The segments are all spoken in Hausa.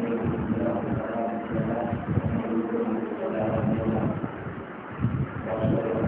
Thank you.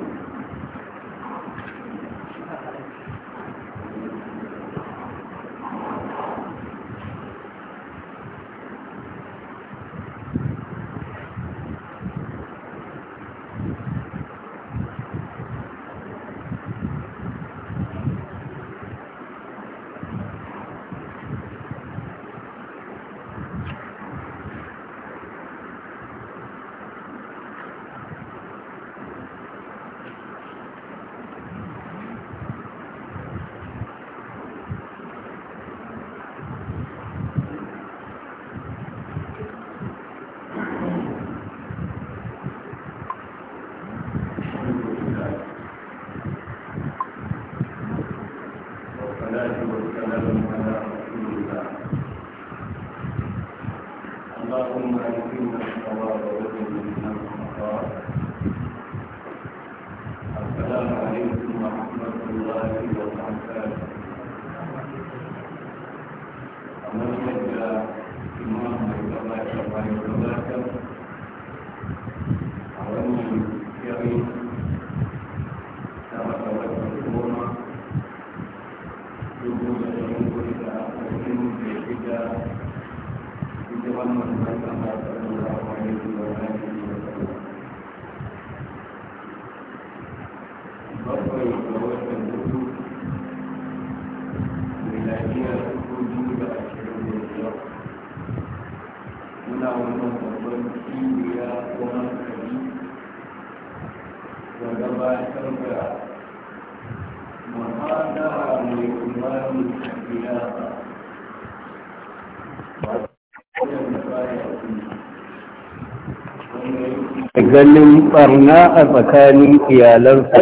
ganin barna a tsakanin iyalansa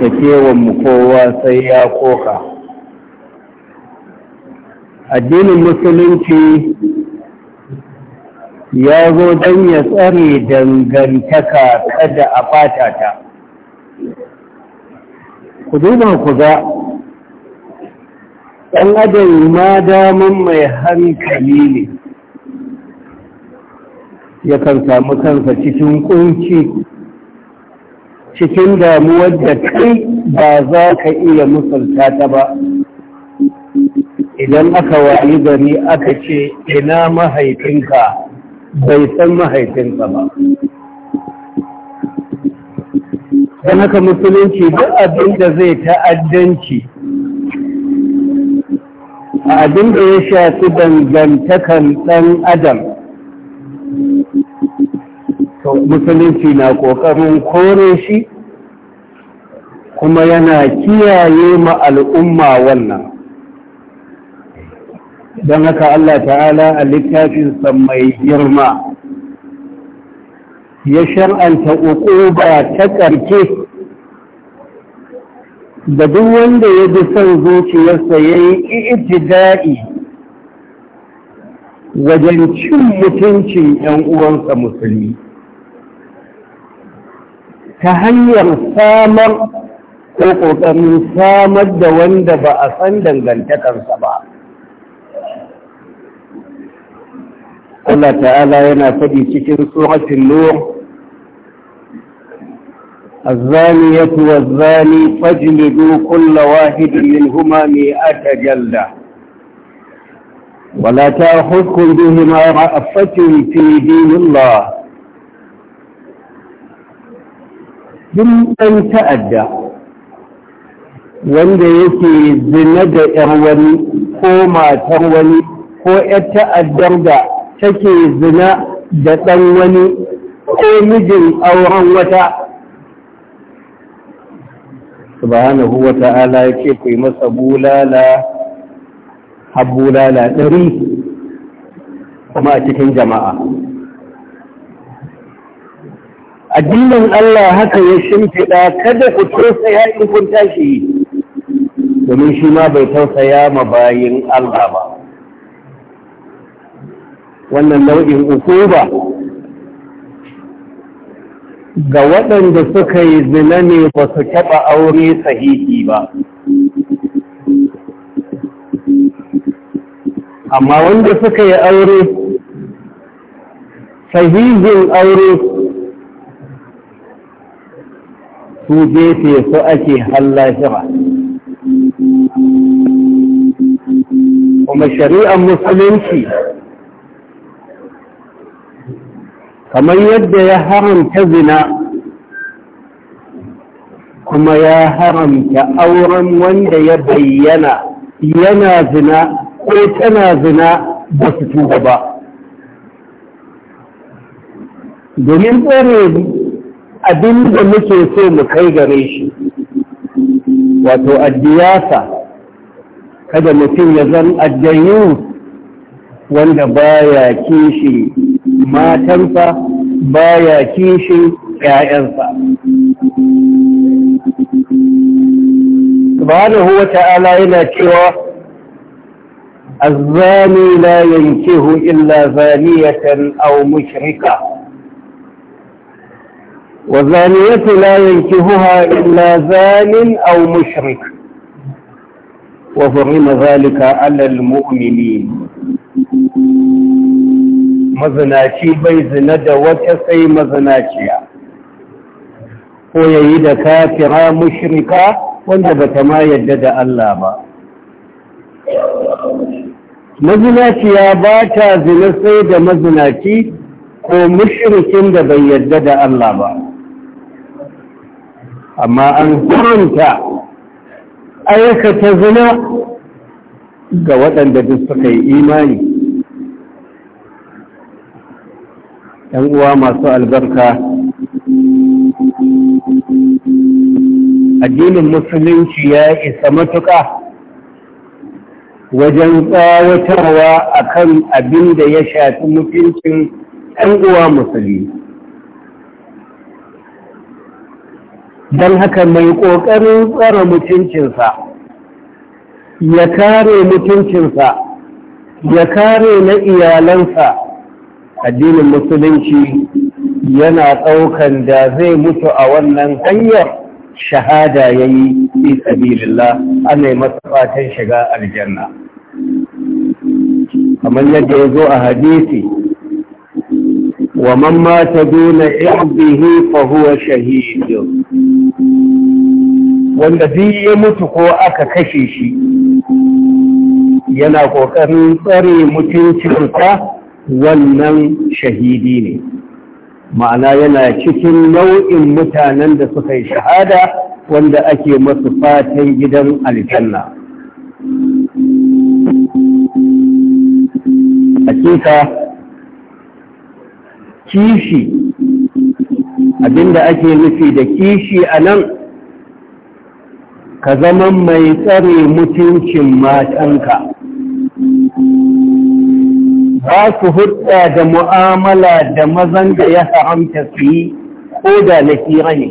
da mu kowa sai ya koka addinin musulunci ya zo don ya tsare dangantaka kada a fata ta ku duba ku ga ɗan adam ma daman mai hankali ne yakan samu kansa cikin ƙunci cikin damuwar da kai ba za ka iya musulta ta ba idan aka wayi gari aka ce ina mahaifinka bai san mahaifinka ba don haka musulunci duk abin da zai ta'addanci a abin da ya shafi dangantakan ɗan adam to musulunci na ƙoƙarin kore shi kuma yana kiyaye ma al'umma wannan don haka Allah ta'ala a littafinsa mai girma ya shar'anta ba ta ƙarke da duk wanda ya bi son zuciyarsa ya yi itida'i wajen cin mutuncin 'yan uwansa musulmi ta hanyar samar ko ƙoƙarin samar da wanda ba a san dangantakarsa ba Allah ta'ala yana faɗi cikin suratul nur الزانية والزاني فاجلدوا كل واحد منهما مئة جلدة ولا تأخذكم بهما رأفة في دين الله duk ɗan ta'adda wanda yake zina da ‘yar wani ko matar wani ko ‘yar ta'addar da take zina da ɗan wani ko mijin auren wata subhanahu wa ta'ala ya ce ku yi masa bulala habbulala ɗari kuma a cikin jama'a addinin Allah haka ya shimfiɗa kada ku tausaya yi kun tashi domin shi ma bai tausaya ma bayin Allah ba wannan nau'in uku ba, ga waɗanda suka yi zina ne ba su taɓa aure sahihi ba amma wanda suka yi aure sahihin aure su gefe su ake hallashira kuma shari'ar musulunci kamar yadda ya haramta zina kuma ya haramta auren wanda ya bayyana yana zina ko tana zina ba su tuba ba domin tsere abin da muke so mu kai gare shi wato addiyasa kada mutum ya zan addayu wanda baya kishi matansa baya kishi ƴaƴansa subhanahu wa ta'ala yana cewa الزاني لا ينكه إلا زانية أو مشركة والزانية لا ينكهها إلا زان أو مشرك وحرم ذلك على المؤمنين mazinaci bai zina da wata sai mazinaciya ko yayi da kafira mushrika wanda bata ma yadda da Allah ba mazinaciya ba ta zina sai da mazinaci ko mushrikin da bai yadda da Allah ba amma an karanta aikata zina ga waɗanda duk suka yi imani ɗan uwa masu albarka addinin musulunci ya isa matuƙa wajen tsawatarwa akan abin da ya shafi mutuncin ‘yan uwa musulunci. don haka mai ƙoƙarin tsara mutuncinsa ya kare mutuncinsa ya kare na iyalansa addinin musulunci yana ɗaukan da zai mutu a wannan hanyar shahada ya yi fi sabilillah ana yi masa fatan shiga aljanna kamar yadda ya zo a hadisi wa man mata duna irbihi fa huwa shahidun wanda duk ya mutu ko aka kashe shi yana ƙoƙarin tsare mutuncinsa wannan shahidi ne ma'ana yana cikin nau'in mutanen da suka yi shahada wanda ake masu fatan gidan aljanna hakika kishi abinda ake nufi da kishi a nan ka zama mai tsare mutuncin matanka ba su hudda da mu'amala da mazan da ya haramta su yi ko da lafira ne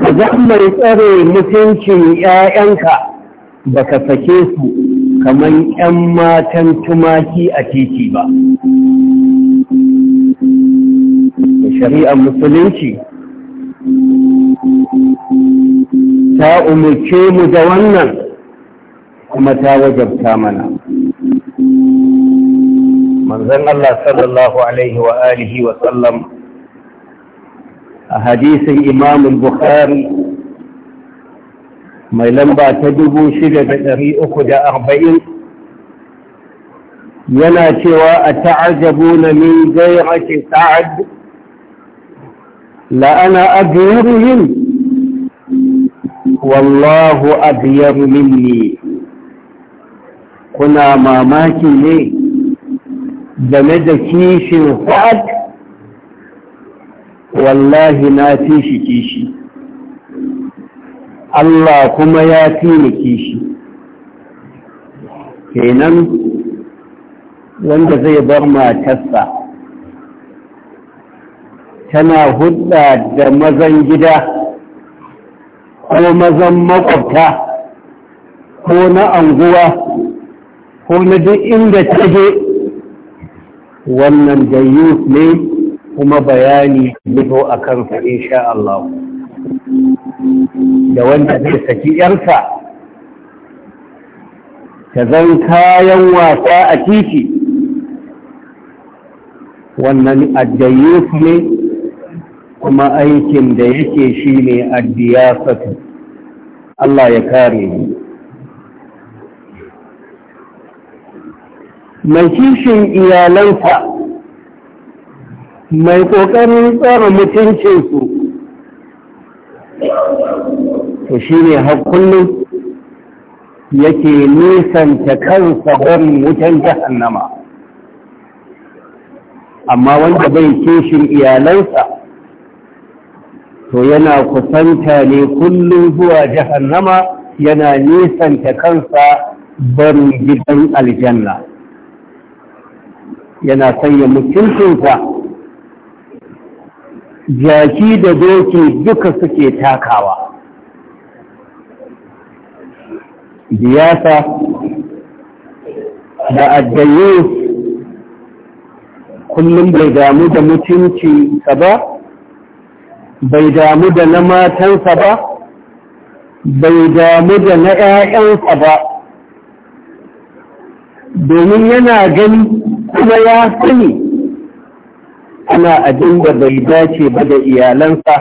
ka zama mai tsare mutuncin 'ya'yanka ba ka sake su kamar 'yan matan tumaki a titi ba shari'ar musulunci ta umarce mu da wannan kuma ta wajabta mana manzon Allah sallallahu alaihi wa alihi wa sallam a hadisin Imam Bukhari mai lamba ta dubu shida da da uku arba'in yana cewa a ta'ajabuna min gairati sa'ad La'ana ana abiyuruhum wallahu abiyar minni kuna mamaki ne game da kishin fa'ad wallahi na fi kishi Allah kuma ya fi ni kishi kenan wanda zai bar matarsa tana hudda da mazan gida ko mazan makwabta ko na anguwa ko na duk inda ta wannan dayyus ne kuma bayani mito a kansa insha Allah da wanda zai saki yarsa ta zan kayan wasa a titi wannan addayyus ne kuma aikin da yake shi ne addiyasatu Allah ya kare ni mai kishin iyalansa mai ƙoƙarin tsara su, to shi ne kullum yake nisanta kansa don wutan jahannama amma wanda bai kishin iyalansa to yana kusanta ne kullum zuwa jahannama yana nisanta kansa barin gidan aljanna yana sanya mutuncinsa jaki da doki duka suke takawa biyasa da addaye kullum bai damu da mutunci ka ba bai damu da na matansa ba bai damu da na ‘ya'yansa ba domin yana gani kuma ya sani ana abin da bai dace ba da iyalansa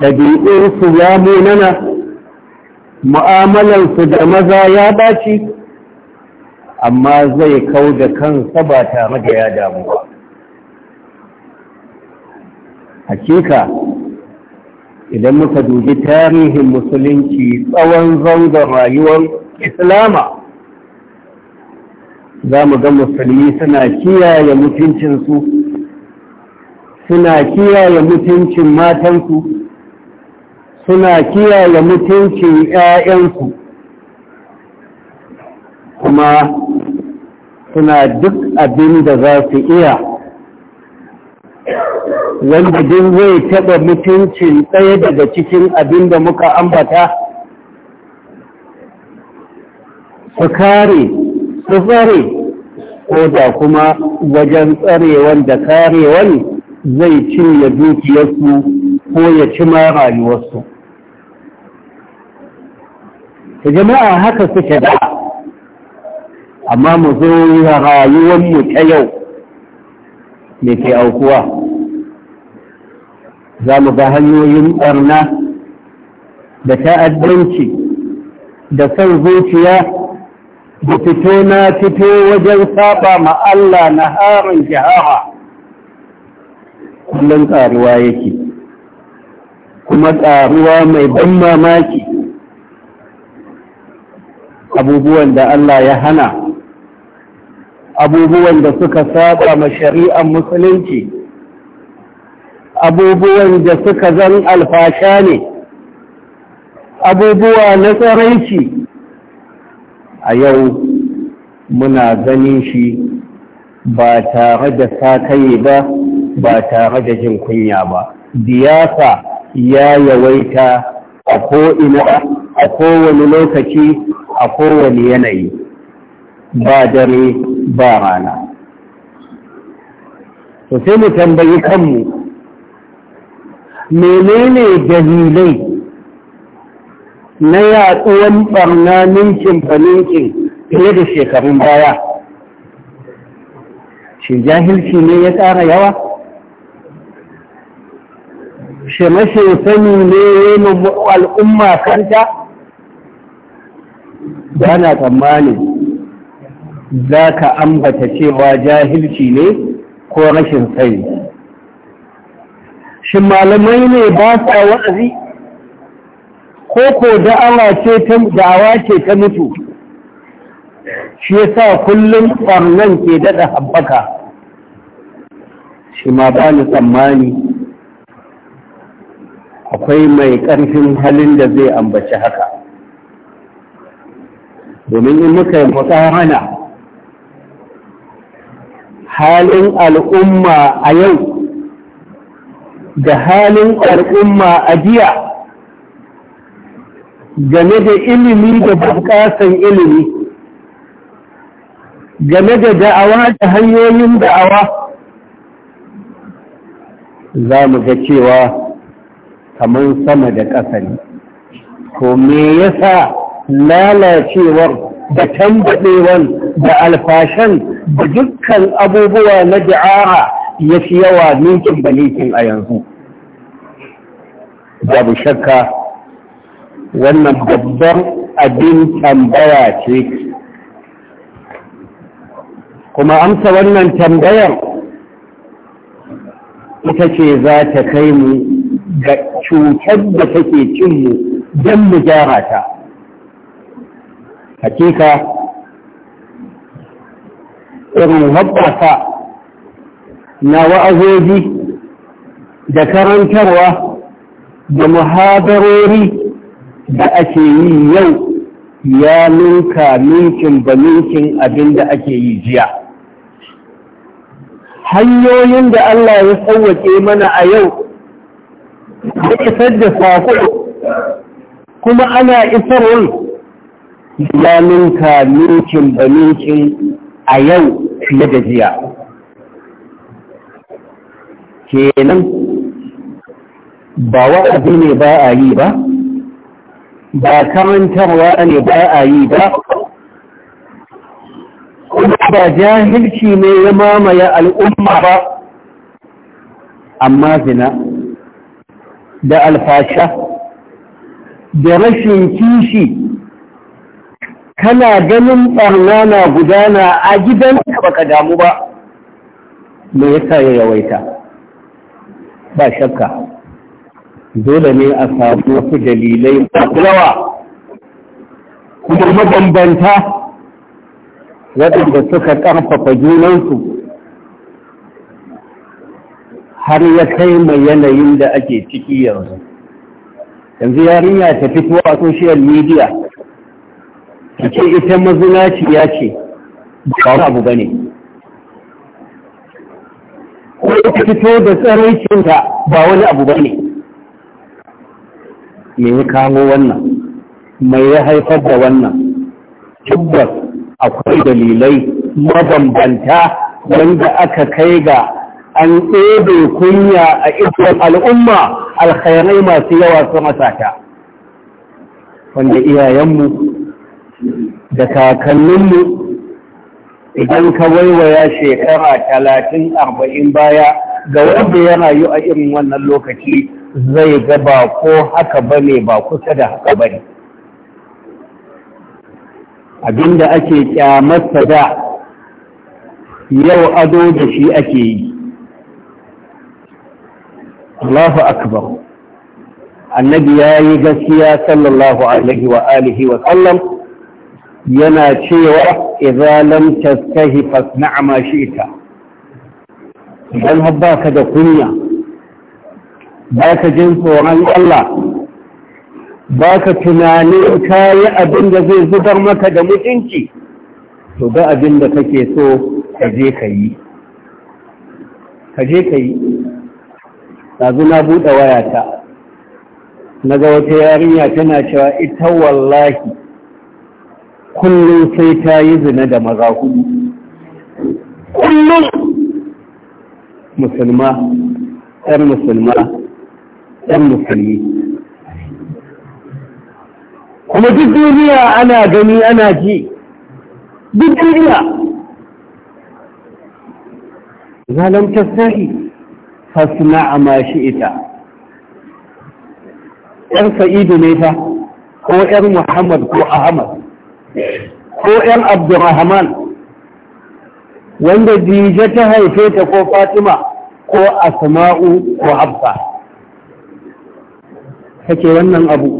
ɗabi'unsu ya munana mu'amalansu da maza ya dace amma zai kau da kansa ba tare da ya damu ba hakika idan muka dubi tarihin musulunci tsawon zangon rayuwar islama za mu ga musulmi suna kiyaye mutuncinsu suna kiyaye mutuncin matansu suna kiyaye mutuncin 'ya'yansu kuma suna duk abin da za su iya wanda duk zai taɓa mutuncin tsaye daga cikin abin da muka ambata su kare su tsare ko da kuma wajen tsarewan da karewan zai ya dukiyarsu ko ya ci ma rayuwarsu ta jama'a haka suke da amma mu zo rayuwar mu ta yau me ke aukuwa za mu ga hanyoyin ɓarna da ta'addanci da son zuciya da fito na fito wajen saba ma Allah na harin jihara kullum ƙaruwa yake kuma ƙaruwa mai ban mamaki abubuwan da Allah ya hana abubuwan da suka saba ma shari'ar musulunci abubuwan da suka zan alfasha ne abubuwa na tsaraici a yau muna ganin shi ba tare da sakaye ba ba tare da jin kunya ba biyasa ya yawaita a ko'ina a kowane lokaci a kowane yanayi ba dare ba rana to sai mu tambayi kanmu menene dalilai na yatsuwan ɓarna ninkin ba ninkin fiye da shekarun baya shi jahilci ne ya tsara yawa shi mashi sani ne ya yi al'umma kanta ba na tsammanin za ka ambata cewa jahilci ne ko rashin sani shi malamai ne ba sa wa'azi ko ko da'awa ce ta mutu shi ya sa kullum ɓarnan ke daɗa haɓaka shi ma ba ni tsammani akwai mai ƙarfin halin da zai ambaci haka domin in muka yi hana halin al'umma a yau da halin al'umma a jiya game da ilimi da bukasan ilimi game da da'awa da hanyoyin da'awa za mu ga cewa kamar sama da ƙasa ne to me yasa lalacewar da tambaɗewan da alfashan da dukkan abubuwa na da'ara ya fi yawa ninkin ba a yanzu babu shakka wannan babban abin tambaya ce kuma amsa wannan tambayar ita ce za ta kai mu ga cutar da take cin mu don mu gyara ta hakika irin hoɓɓasa na wa'azoji da karantarwa da muhadarori da ake yi yau ya ninka ninkin ba ninkin abin da ake yi jiya hanyoyin da Allah ya sauwaƙe mana a yau da isar da sako kuma ana isarwa ya ninka ninkin ba ninkin a yau fiye da jiya kenan ba wa'azi ne ba a yi ba ba karantarwa ne ba a yi ba kuma ba jahilci ne ya mamaye al'umma ba amma zina da alfasha da rashin kishi kana ganin barna na gudana a gidan baka damu ba me yasa ya yawaita ba shakka dole ne a samu wasu dalilai yawa kuma mabambanta waɗanda suka ƙarfafa junansu har ya kai mai yanayin da ake ciki yanzu yanzu yarinya ta fito a social media ta ce ita mazinaci ya ce ba wani abu ba ne ko ita fito da tsaraicinta ba wani abu ba ne me ya kawo wannan mai ya haifar da wannan tabbas akwai dalilai mabambanta wanda aka kai ga an ɗebe kunya a ikon al'umma alkhairai masu yawa su matata wanda iyayenmu da kakanninmu idan ka waiwaya shekara talatin arba'in baya ga wanda ya rayu a irin wannan lokaci zai ga ba ko haka ba ne ba kusa da haka ba ne abinda ake kyamarsa da yau ado da shi ake yi Allahu akbar annabi ya yi gaskiya sallallahu alaihi wa alihi wa sallam yana cewa idza lam tastahi fasna' ma shi'ta idan baka da kunya baka jin tsoron Allah baka tunanin kayi abin da zai zubar maka da mutunci to ga abin da kake so ka je ka yi ka je ka yi ɗazu na buɗe wayata na ga wata yarinya tana cewa ita wallahi kullum sai ta yi zina da maza hudu kullum musulma ɗan musulma ɗan musulmi kuma duk duniya ana gani ana ji duk duniya zalam tasahi fasna a mashi ita ‘yan sa'idu ne ta ko 'yar muhammad ko ahmad ko ‘yan Abdurrahman wanda Dije ta haife ta ko Fatima ko Asma'u ko Hafsa. take wannan abu.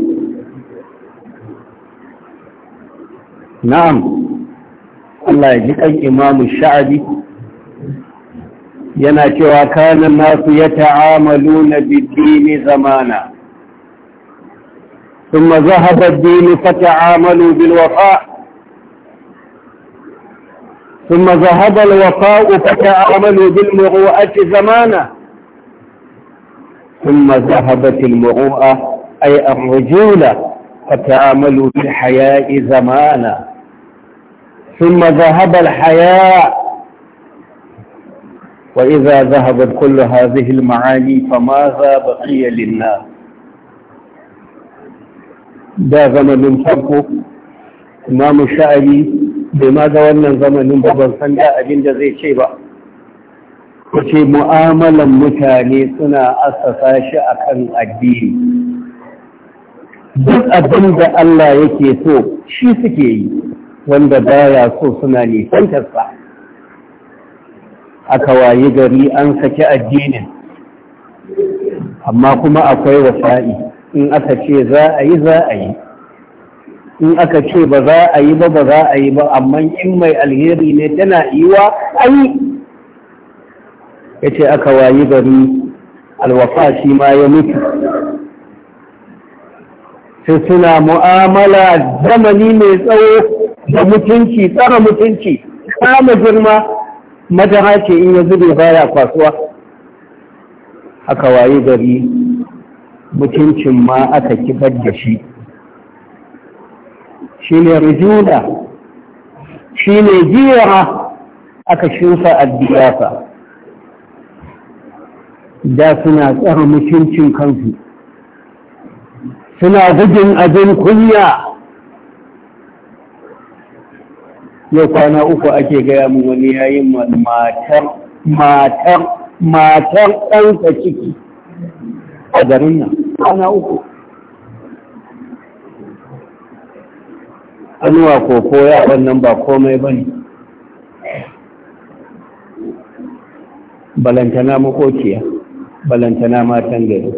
Na'am, Allah ya ji ɗan imamu sha'abi yana cewa kanan nasu ya ta'amalu na zamana. ثم ذهب الدين فتعاملوا بالوفاء ثم ذهب الوفاء فتعاملوا بالمروءة زمانا ثم ذهبت المروءة أي الرجولة فتعاملوا بالحياء زمانا ثم ذهب الحياء وإذا ذهبت كل هذه المعاني فماذا بقي للناس da zamanin farko mu sha'ari bai ma ga wannan zamanin ba ban san da abin da zai ce ba ce mu'amalan mutane suna asasa shi akan addini duk abin da Allah yake so shi suke yi wanda baya so suna nisantarsa aka wayi gari an saki addinin amma kuma akwai wasa'i in aka ce za a yi za a yi in aka ce ba za a yi ba ba za a yi ba amma in mai alheri ne tana iwa ayi ya ce aka wayi gari alwafa shi ma ya mutu sai suna mu'amala zamani mai tsawo da mutunci tsara mutunci kama girma madara ce in ya zube baya kwasuwa aka wayi gari mutuncin ma aka kifar da shi shi ne rijula shi ne jira aka shufa addiyafa da suna tsara mutuncin kansu suna gudun abin kunya yau kwana uku ake gaya mu wani yayin matar matar matar ɗansa ciki a garin nan kwana uku anuwa ko koya wannan ba komai ba ne balantana makociya balantana matan gari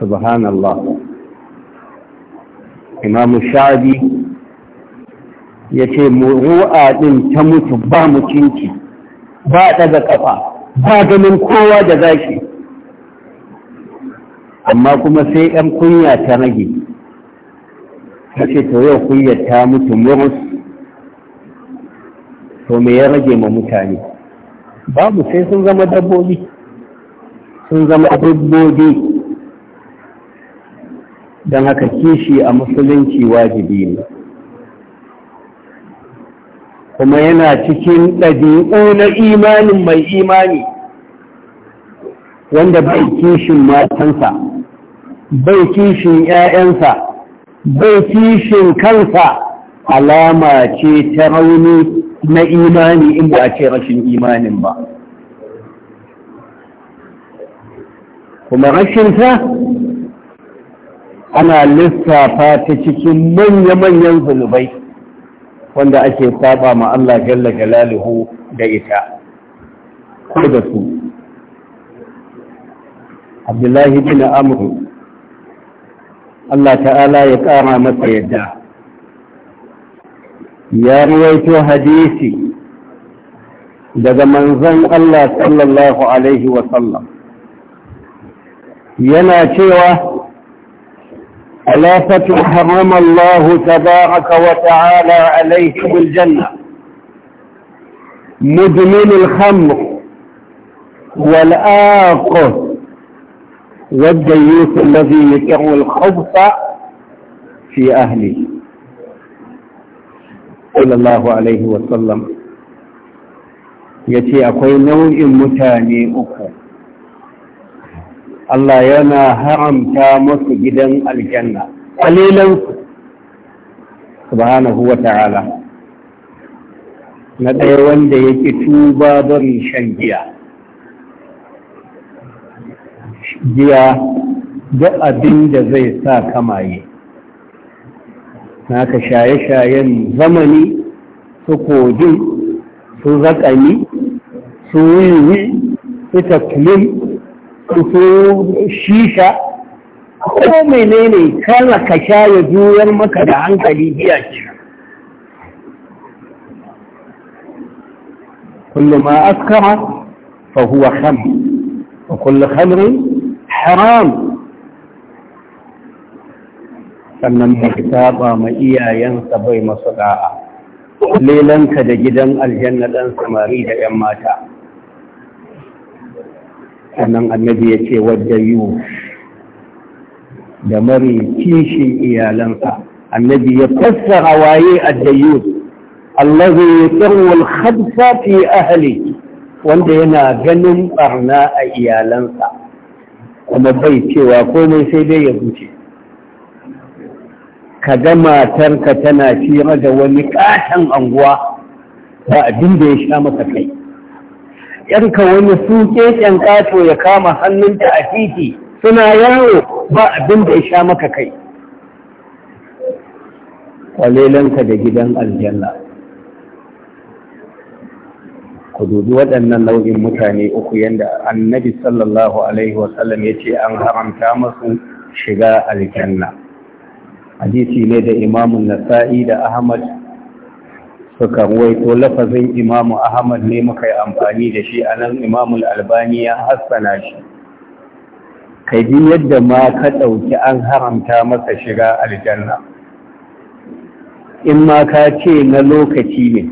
subhanallah imamu sha'abi ya ce muru'a ɗin ta mutu ba mu mutunci ba ɗaga ƙafa ba ganin kowa da zaki amma kuma sai ‘yan kunya ta rage ta ce to yau kunyar ta mutu murus to me ya rage ma mutane babu sai sun zama dabbobi sun zama dabbobi don haka kishi a musulunci wajibi ne kuma yana cikin ɗabi'u na imanin mai imani wanda bai kishin matansa bai kishin 'ya'yansa bai kishin kansa alama ce ta rauni na imani in ba ce rashin imanin ba kuma rashinsa ana lissafa ta cikin manya-manyan zunubai wanda ake saba ma Allah jalla jalaluhu da ita ko da su Abdullahi bin Amr Allah ta'ala ya kara masa yadda ya ruwaito hadisi daga manzon Allah sallallahu alaihi wa sallam yana cewa ألا حرم الله تبارك وتعالى عليه الجنة مدمن الخمر والآق والديوث الذي يكر الخبث في أهله صلى الله عليه وسلم يتي أقوي نوع متاني أخر Allah yana haramta masu gidan aljanna kalilan subhanahu wa ta'ala na ɗaya wanda yake tuba barin shan giya giya duk abin da zai sa kamaye naka shaye-shayen zamani su kogin su zakani su wiwi su taklin ko shisha ko menene kala ka sha ya juyar maka da hankali biya ce kullu ma askara fa huwa khamr wa kullu khamrin haram sannan ba saba ma iyayensa bai masu da'a lelanka da gidan aljanna dan samari da yan mata sannan annabi ya ce wadda yiwu da mari kishin iyalansa annabi ya fassara waye addayyus allazi yuqiru al-khabsa fi ahli wanda yana ganin barna a iyalansa kuma bai cewa komai sai dai ya huce ka ga matarka tana ciyar da wani katon anguwa ba abin da ya sha maka kai yanka wani suke keken kato ya kama hannunta a titi suna yawo ba abin da ya sha maka kai kwalelanka da gidan aljanna ku dubi waɗannan nau'in mutane uku yadda annabi sallallahu alaihi wasallam ya ce an haramta masu shiga aljanna hadisi ne da imamun nasa'i da ahmad suka waito lafazin imamu ahmad ne muka yi amfani da shi a nan imamul albani ya hassana shi ka ji yadda ma ka ɗauki an haramta masa shiga aljanna in ma ka ce na lokaci ne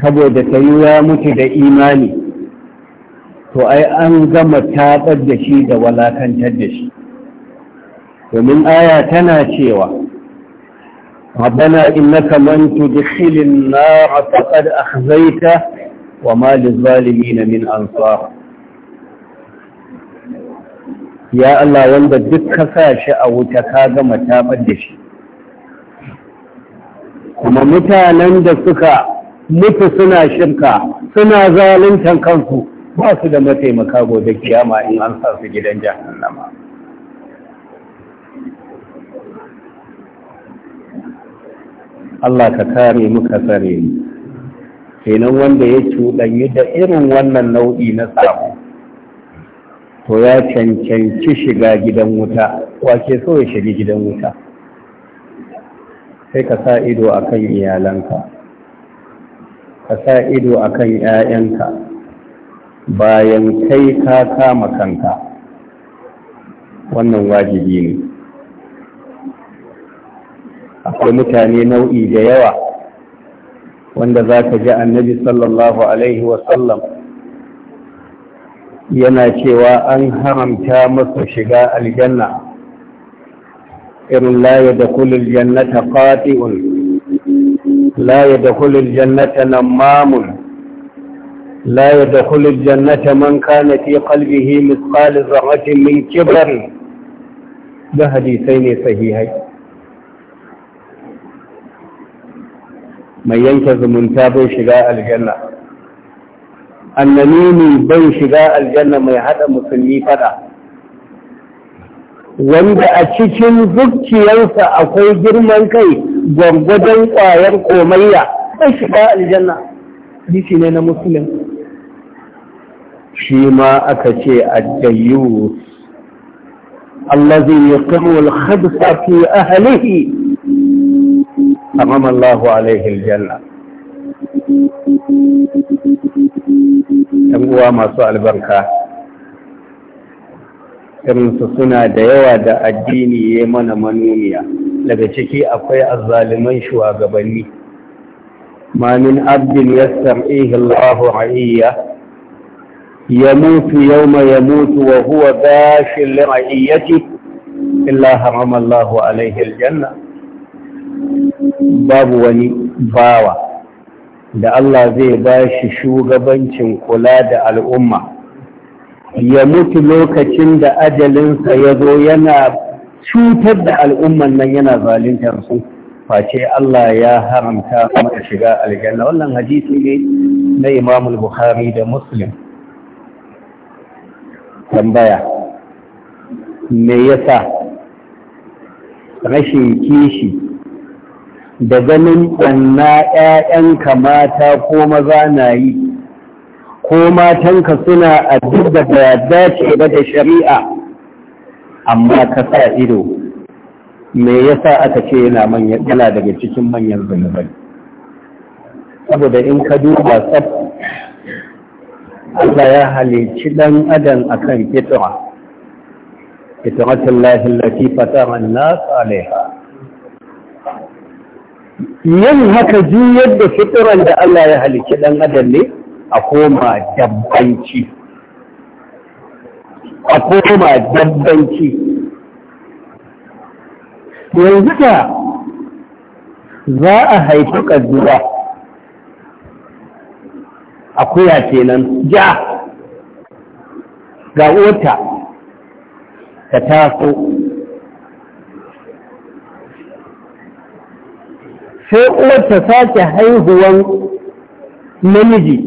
saboda ta yi ya mutu da imani to ai an gama taɓar da shi da walakantar da shi domin aya tana cewa ربنا إنك من تدخل النار فقد أخزيته وما للظالمين من أنصار يا الله wanda duk kasashe a wuta ka gama tabar da shi kuma mutanen da suka mutu suna shirka suna zaluntan kansu ba su da mataimaka gobe kiyama in an sa su gidan jahannama Allah ka kare mu ka tsare mu kenan wanda ya cuɗanyi da irin wannan nau'i na sabo to ya cancanci shiga gidan wuta wake so ya shiga gidan wuta sai ka sa ido a kan iyalanka ka sa ido a kan 'ya'yanka bayan kai ka kama kanka wannan wajibi ne akwai mutane nau'i da yawa wanda za ka ji annabi sallallahu alaihi wasallam yana cewa an haramta masa shiga aljanna irin la da kulil jannata qati'un la da kulil jannata nan mamun. ya da kulil jannata man kana fi qalbihi mithqal dharratin min kibr da hadisai ne sahihai mai yanke zumunta bai shiga aljanna annamimi bai shiga aljanna mai hada musulmi fada wanda a cikin zuciyarsa akwai girman kai gwangwadon kwayar komayya bai shiga aljanna hadisi ne na musulun shi ma aka ce addayyus allazi yaqimu al-khabsa fi ahlihi حرم الله عليه الجنة uwa masu albarka irinsu suna da yawa da addini ya mana manuniya daga ciki akwai azzaliman shugabanni mamin min abdin yastar'ihi Allahu ra'iyya mai ya mutu wa huwa bashin li illa harama alaihi alayhi aljanna babu wani bawa da Allah zai ba shi shugabancin kula da al'umma ya mutu lokacin da ajalinsa ya zo yana cutar da al'umman nan yana zalintar su face Allah ya haramta mata shiga aljanna wannan hadisi ne na Imamul Bukhari da Muslim tambaya me yasa rashin kishi da ganin ɗanna ‘ya'yanka mata ko maza na yi, ko matanka suna a duk da yadda ce ba da shari'a, amma ka sa ido, me yasa aka ce yana daga cikin manyan zunubai. Saboda in ka duba tsaf, Allah ya halicci ɗan adam a akan fitra, fitratun lafi lafi fata manna alaiha. yin haka duk yadda fitiran da Allah ya halicci dan adam ne a koma dabbanci a koma dabbanci yanzu ta za a haifi ƙaddura akuya kenan ja ga wata ta taso sai uwar ta sake haihuwan namiji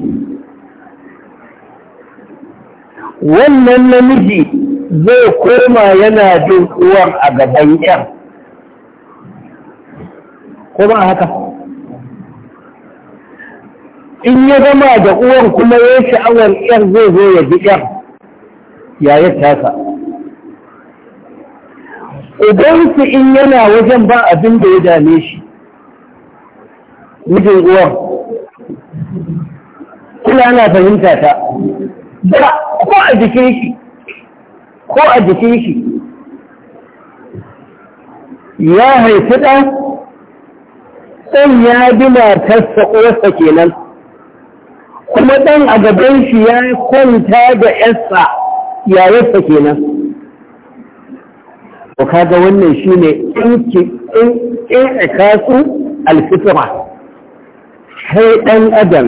wannan namiji zai koma yana bin uwar a gaban yar kuma haka in ya gama da uwar kuma ya sha'awar yar zai zo ya ji yar tasa idan ubansu in yana wajen ba abin da ya dame shi mijin uwan kula ana fahimta ta ko a jikin shi ko a jikin shi ya haifi ɗan ɗan ya bi matarsa uwarsa kenan kuma ɗan a gaban shi ya kwanta da ‘yarsa yayarsa kenan ko kaga wannan shine in in kasu alfitra Sai ɗan adam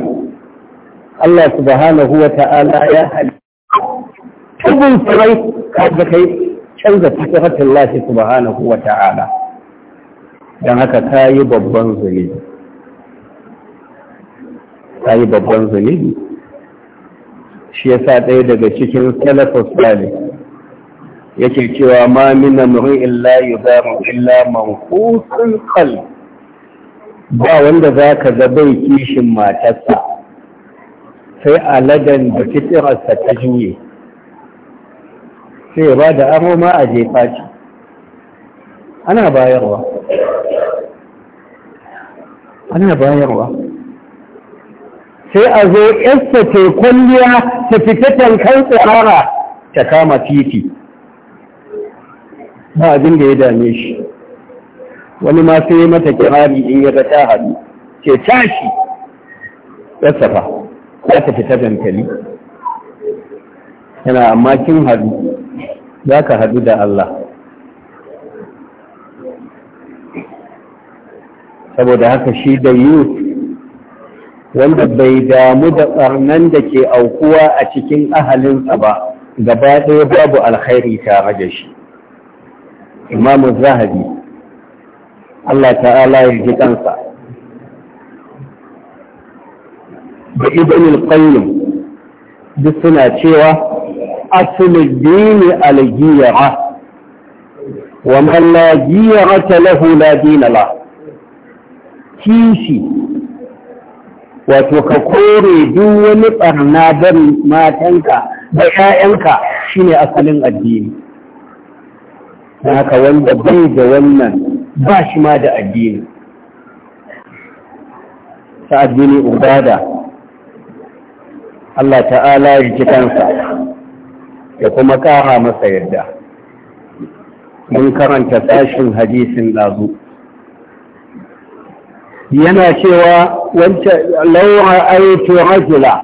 Allah subhanahu wa ta'ala ya halittu ka kaga kai canza fitratin lafi subhanahu wa ta'ala don haka ka yi babban zunubi ka yi babban zunubi shi ya sa ɗaya daga cikin salafus salih yake cewa ma mina murin illa yuzaru illa mankusun qalb ba wanda za ka ga kishin matarsa sai a ladan da fitirarsa ta juye sai ba da aroma a jefa ci ana bayarwa ana bayarwa sai a zo yarsa ta kwalliya ta fita tankan tsara ta kama titi ba abin da ya dame shi wani ma sai mata kirari in ya ga ta haɗu, ce tashi sassafa za ta fita dankali yana amma kin haɗu. za ka haɗu da Allah saboda haka shi da yus, wanda bai damu da tsarnan da ke aukuwa a cikin ahalinsa ba gaba ɗaya babu alkhairi tare da shi imamu zahabi Allah ta'ala ya ji kansa da ibn al-qayyim duk suna cewa asul dini al-ghayra wa man la ghayra lahu la dina la kishi wato ka kore duk wani barna dan matanka da ƴaƴanka shine asalin addini haka wanda bai da wannan ba shi ma da addini ta addini ubada Allah ta'ala ya ji kansa da kuma ƙara masa yadda mun karanta sashin hadisin lazu yana cewa wancan laura aitu rajula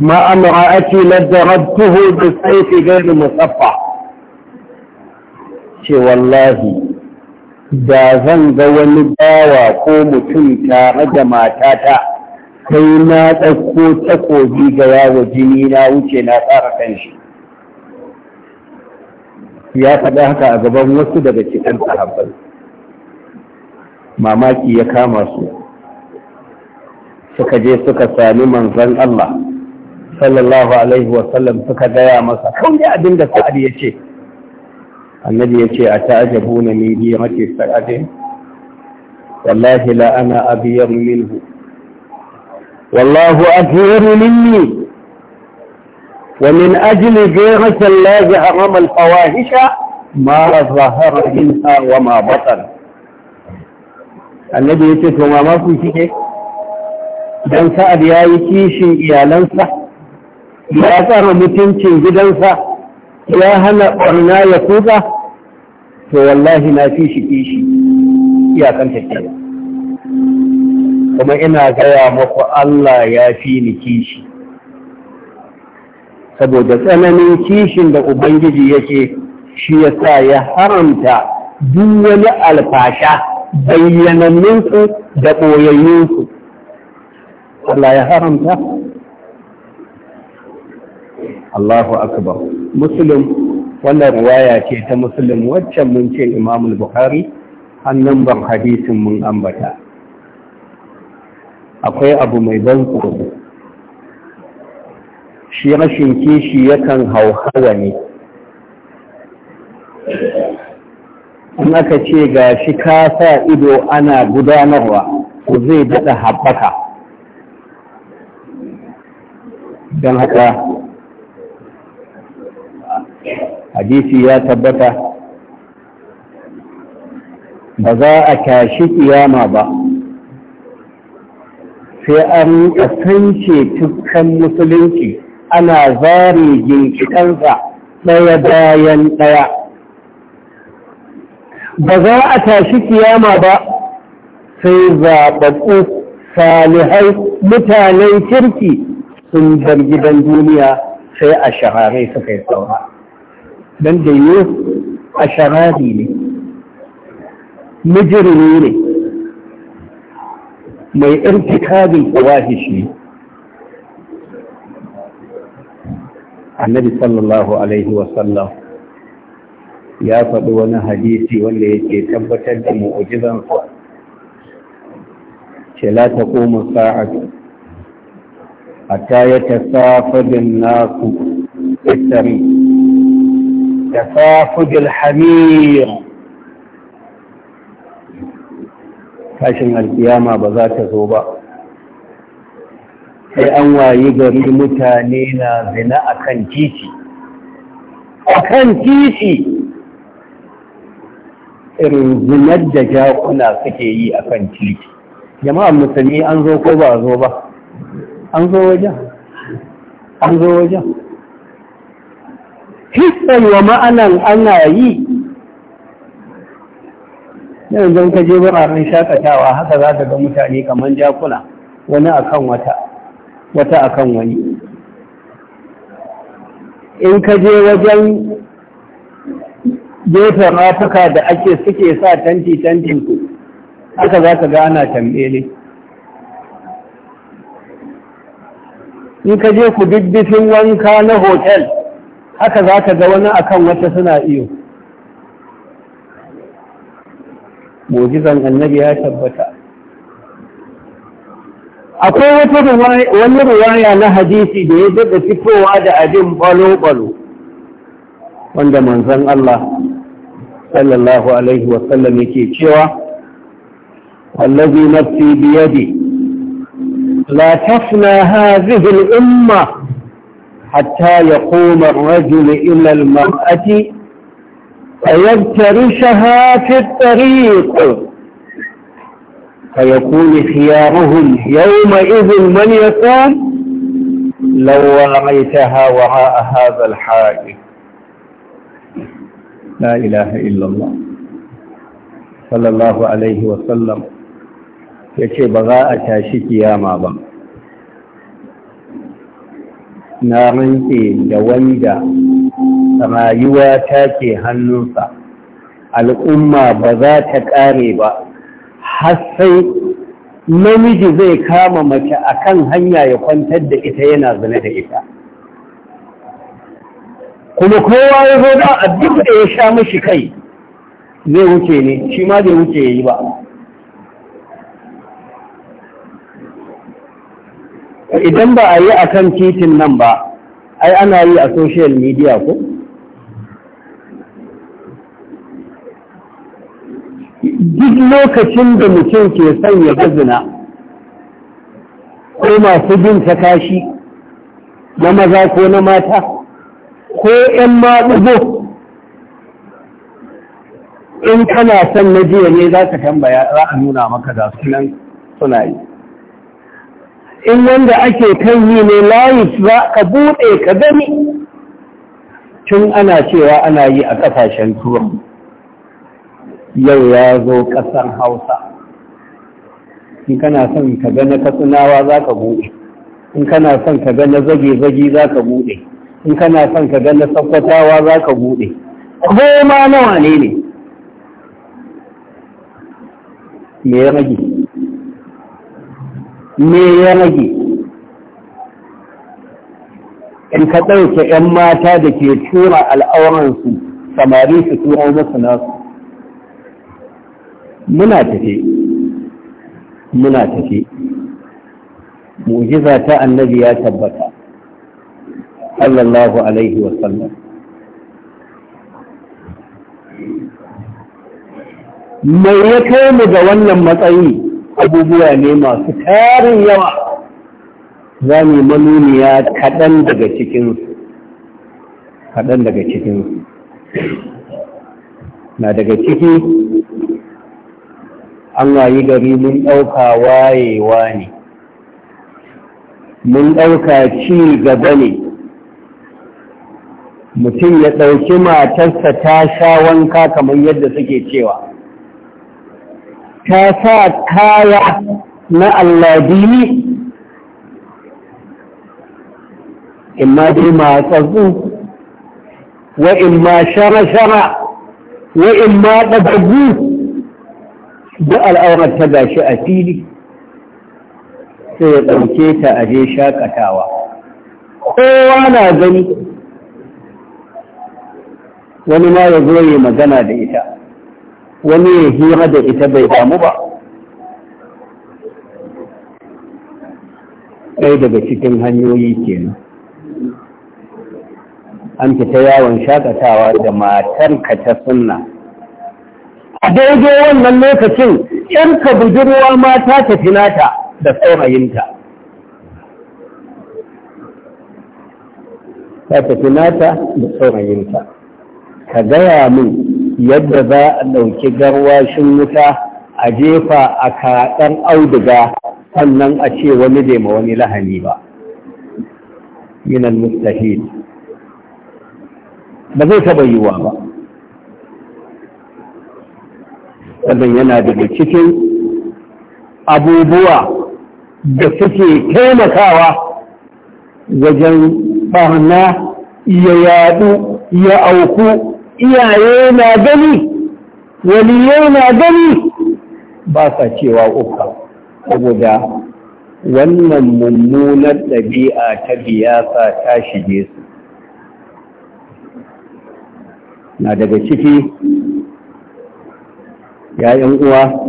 ما أمرأتي لضربته بالسيف غير مصفى شي والله da zan ga wani bawa ko mutum tare da matata sai na ɗauko takobi ga yawo jini na wuce na tsara kan shi ya faɗa haka a gaban wasu daga cikin sahabbai mamaki ya kama su suka je suka sami manzon Allah sallallahu alaihi wasallam suka gaya masa kawai abin da sa'ad ya ce annabi ya ce a ta'ajabu na min mafi sa'adin wallahi la ana abiyar minhu wallahu abiyar minni ومن أجل غيرة الله حرم الفواحش ما ظهر منها وما بطن annabi ya ce to mamaku kike dan sa'ad ya yi kishin iyalansa ya tsara mutuncin gidansa ya hana ƙwarna ya kuka to wallahi na fi shi kishi iyakan tafiya kuma ina gaya maku Allah ya fi ni kishi saboda tsananin kishin da ubangiji yake shi ya sa ya haramta duk wani alfasha bayyananninku da ɓoyayyunku Allah ya haramta Allahu akbar muslim wannan riwaya ce ta muslim waccan mun ce imam al-bukhari annan ban hadisin mun ambata akwai abu mai ban tsoro shi rashin kishi yakan hauhawa ne in aka ce ga shi ka sa ido ana gudanarwa to zai daɗa haɓaka don haka hadisi ya tabbata ba za a tashi kiyama ba sai an kasance tukkan musulunci ana zare ginshikansa ɗaya bayan ɗaya ba za a tashi kiyama ba sai zaɓaɓɓu salihai mutanen kirki sun bar gidan duniya sai a shaharai suka yi saura don dayo a ne mijirmi ne mai irtikabin fawahishi ne annabi sallallahu alaihi wasallam ya faɗi wani hadisi wanda yake tabbatar da mu'ujizansa ce la ta koma sa'adu ta ya tasafa bin nasu safe الحمير tashin alkiyama ba za ta zo ba sai an wayi gari mutane na zina a kan titi a kan titi irin zinar da jakuna suke yi a kan titi jama'an musulmi an zo ko ba zo ba an zo wajen an zo wajen hissan wa ma'anan ana yi yanzu don ka je wuraren shakatawa haka za ka ga mutane kamar jakuna wani akan wata wata akan wani in ka je wajen gefen rafuka da ake suke sa tanti-tantin ku haka za ka ga ana tambele in ka je ku diddifin wanka na hotel haka za ka ga wani akan wata suna iyo mujizan annabi ya tabbata akwai wata wani ruwaya na hadisi da ya daga fitowa da abin balo-balo wanda manzon Allah sallallahu alaihi wasallam yake cewa wallazi nafsi biyadi la tafna hadhihi al-umma حتى يقوم الرجل إلى المرأة فيفترشها في الطريق فيكون خيارهم يومئذ من يكون لو رأيتها وراء هذا الحائط لا إله إلا الله صلى الله عليه وسلم يكي بغاء تاشي يا بم na rantse da wanda rayuwa ta ke hannunsa al'umma ba za ta ƙare ba har sai namiji zai kama mace a kan hanya ya kwantar da ita yana zina da ita kuma kowa ya zo da duk da ya sha mashi kai zai wuce ne shi ma zai wuce ya yi ba idan ba a yi a kan titin nan ba ai ana yi a social media ko duk lokacin da mutum ke son ya gazina ko masu bin ta kashi na maza ko na mata ko 'yan maɗugo in kana son na jiya ne za ka tambaya za a nuna maka da sunan suna yi in wanda ake kan yi ne layi ba ka buɗe ka gani tun ana cewa ana yi a ƙasashen turai yau ya zo ƙasar hausa in kana son ka ga na katsunawa za ka buɗe in kana son ka ga zage-zage za ka buɗe in kana son ka ga na sakwatawa za ka buɗe ko nawa ne ne me ya rage me ya rage in ka ɗauke 'yan mata da ke tura al'auransu samari su turo masu nasu muna tafi muna tafi mujiza ta annabi ya tabbata sallallahu alaihi wasallam mai ya kai mu ga wannan matsayi abubuwa ne masu tarin yawa za mu manuniya kaɗan daga cikinsu kaɗan daga cikinsu na daga ciki an wayi gari mun ɗauka wayewa ne mun ɗauka ci gaba ne mutum ya ɗauki matarsa ta sha wanka kamar yadda suke cewa ta sa kaya na alladini ma dai matsatsu wa ma shara-shara wa ma ɗabaggu da al'aurar ta gashi a fili sai ya ɗauke ta a je shakatawa kowa na gani wani ma ya zo yi magana da ita wani ya hira da ita bai damu ba ɗaya daga cikin hanyoyi kenan an fita yawon shakatawa da matarka ta sunna a daidai wannan lokacin ka budurwa mata ta tafi nata da saurayinta ta tafi da saurayinta ka gaya mun yadda za a ɗauki garwashin wuta a jefa a kaɗan auduga sannan a ce wani bai ma wani lahani ba minal mustahil ba zai taɓa yiwuwa ba wannan yana daga cikin abubuwa da suke taimakawa wajen ɓarna ya yaɗu ya auku iyaye na gani waliyai na gani ba sa cewa uka saboda wannan mummunar ɗabi'a ta biyasa ta shige su na daga ciki yayin uwa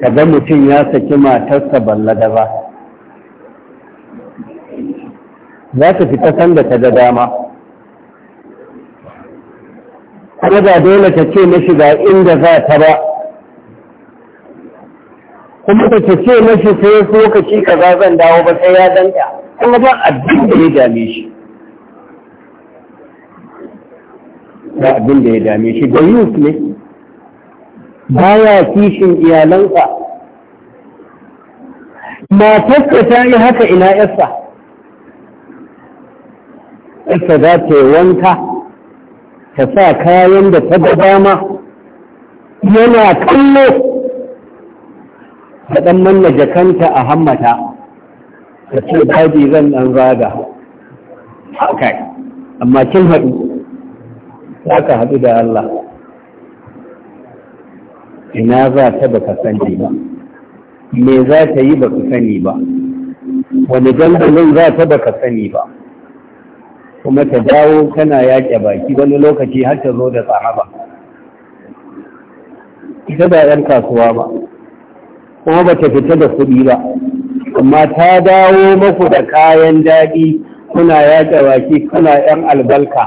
kaga mutum ya saki matarsa ballada ba za ta fita sanda ta da dama kuma ba dole ta ce mashi ga inda za ta ba kuma ta ce na shi sai lokaci kaza zan dawo ba sai ya danta kuma ba abin da ya dame shi ba abin da ya dame shi da yus ne baya kishin iyalansa matar ta yi haka ina yasa? ita za ta yi wanka ta sa kayan da ta dama yana kallo ta ɗan manna jakanta a hammata ta ce daji zan ɗan zaga haka amma kin haɗu za ka haɗu da Allah ina za ta baka sani ba me za ta yi baka sani ba wani dandalin za ta baka sani ba kuma ta dawo kana yaƙe baki wani lokaci har ta zo da sahaba ita ba 'yan kasuwa ba kuma ba ta fita da kuɗi ba amma ta dawo maku da kayan daɗi kuna yaƙe baki kuna 'yan albalka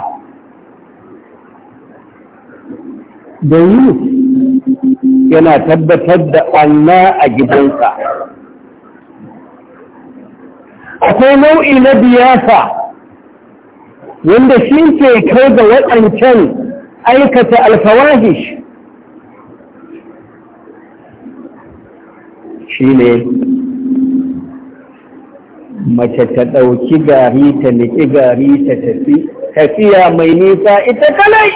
da yi yana tabbatar da Allah a gidansa akwai nau'i na biyasa wanda shi ke kai ga waɗancan aikata alfawahish shi ne mace ta ɗauki gari ta niƙi gari ta tafi tafiya mai nisa ita kalai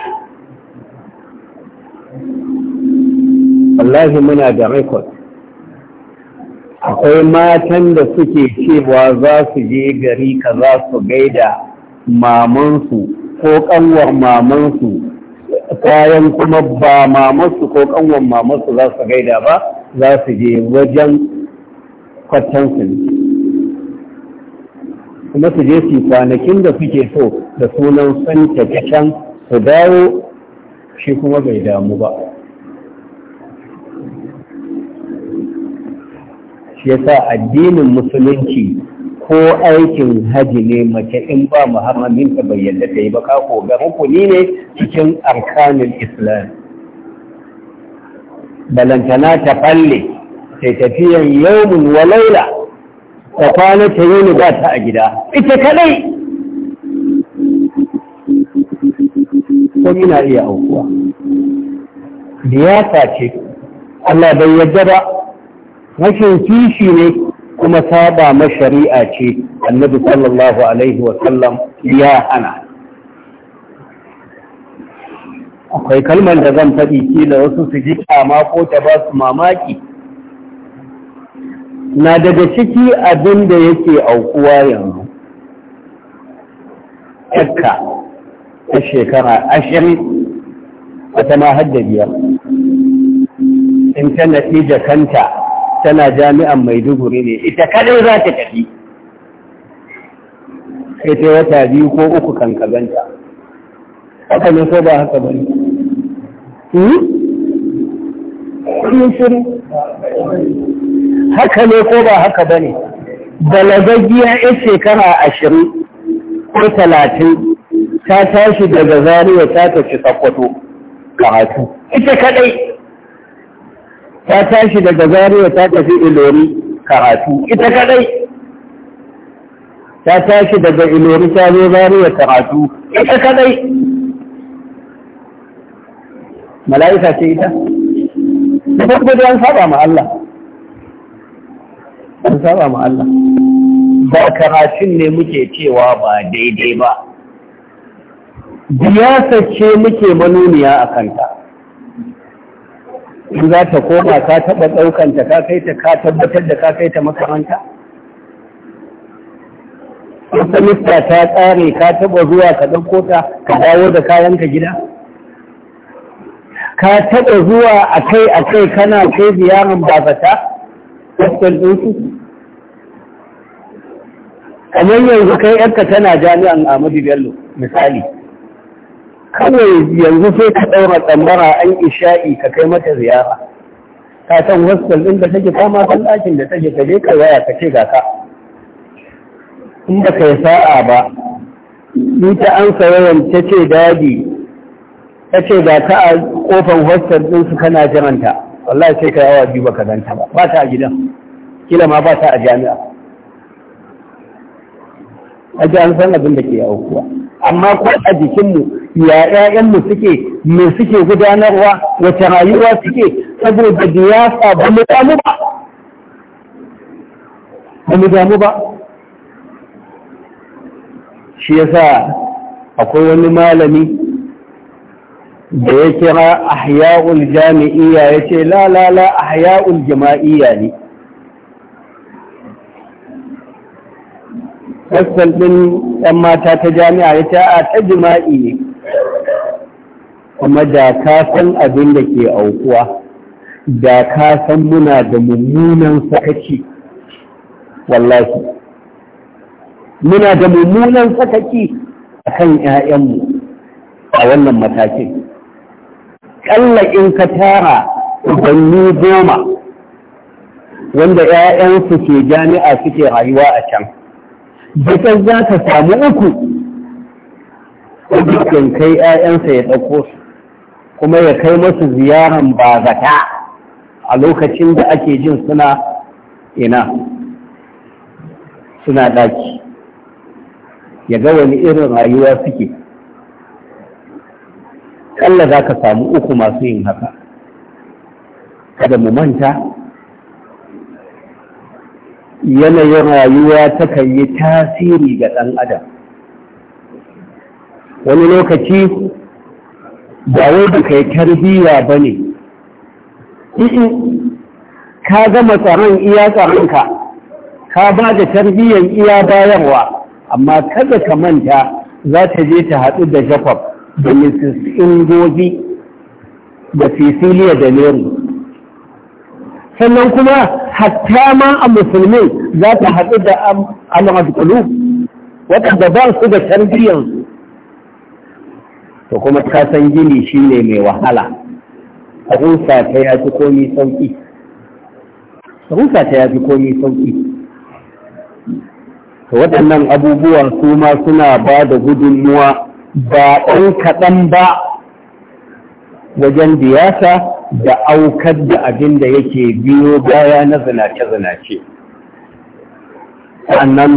wallahi muna da rikod? akwai matan da suke cewa za su je gari ka za su gaida mamansu ko kanwar mamansu kayan kuma ba mamansu ko kanwar mamansu za su gaida ba za su je wajen kwatansu kuma su je su kwanakin da suke so da sunan san can su dawo shi kuma bai damu ba shi yasa addinin musulunci ko aikin haji ne mace in ba muhammadin ta bayyana ta yi ba ka ga rukuni ne cikin arkanin islam balantana ta falle sai tafiyan yawmun wa laila ta kwana ta yini ta a gida ita kadai ko ina iya aukuwa liyasa ce Allah bai yadda ba rashin kishi ne kuma saba ma shari'a ce annabi sallallahu alaihi wasallam ya hana akwai kalmar da zan faɗi kila wasu su ji kama ko ta ba su mamaki na daga ciki abin da yake aukuwa yanzu yakka a shekara ashirin wata ma biyar in ta kanta tana jami'an maiduguri ne ita kadai za ta tafi sai ta wata biyu ko uku kan kaganta haka ne ko ba haka bane hmm? haka ne ko ba haka bane balagaggiya yan shekara ashirin ko talatin ta tashi daga zariya ta tafi sakwato hatu, ita kadai ta tashi daga zariya ta tafi ilori karatu ita kadai ta tashi daga ilori ta zo zariya karatu ita kadai mala'ika ce ita da farko da an saba ma Allah an saba ma Allah ba karatun ne muke cewa ba daidai ba biyasa ce muke manuniya a kanta in za ta koma ka taɓa ɗaukanta ka kai ta ka tabbatar da ka kai ta makaranta Wata ta tsare ka taɓa zuwa ka ɗauko ta ka dawo da kayanka gida? Ka taɓa zuwa a kai a kai kana kai ziyarar babata? Kwastan ɗinsu? Kamar yanzu kai ‘yarka tana jami'an Ahmadu Bello, misali. kawai yanzu sai ka ɗaura tsambara an isha'i ka kai mata ziyara ka san hostel ɗin da take kama kan ɗakin da take ka ka waya ka ce ga ka in ba ka yi sa'a ba ni ta an sayawan ta ce dadi ta ce ga ka a kofan hostel ɗin su kana jiranta wallahi sai ka yi awa biyu ba ka ganta ba ba ta a gidan kila ma ba ta a jami'a a ji an san abin da ke aukuwa amma ko a jikinmu ya ƴaƴanmu suke me suke gudanarwa wace rayuwa suke saboda da ya ba mu damu ba ba mu damu ba shi yasa akwai wani malami da ya kira ahya'ul jami'iyya yace la la la ahya'ul jama'iyya ne wasan ɗin ‘yan mata ta jami'a ya ta'a a ta jima'i ne kuma da ka san abin da ke aukuwa da ka san muna da mummunan sakaci wallahi muna da mummunan sakaci a kan ‘ya'yanmu a wannan matakin ƙalla in ka tara ubanni goma wanda ‘ya'yansu ke jami'a suke rayuwa a can’ bakar za ka samu uku wajen kai 'ya'yansa ya ɗauko su kuma ya kai masu ziyaran ba zata a lokacin da ake jin suna ina suna ɗaki ya ga wani irin rayuwa suke ƙalla za ka samu uku masu yin haka kada mu manta yanayin rayuwa takan yi tasiri ga ɗan adam wani lokaci ba wai da kai tarbiyya ba ne ka gama tsaron iya tsaronka ka ba da tarbiyyar iya bayarwa amma kada ka manta za ta je ta haɗu da jacob da mrs ingoji da cecilia da nero sannan kuma hatta ma a musulmi za ta haɗu da al'adukulu waɗanda ba su da tarbiyyansu to kuma ta san gini shi ne mai wahala a rusa ta ya fi komi sauƙi rusa ta ya fi komi sauƙi waɗannan abubuwa su ma suna ba da gudunmuwa ba ɗan kaɗan ba wajen biyasa da aukar da abin da yake biyo baya na zinace-zinace sannan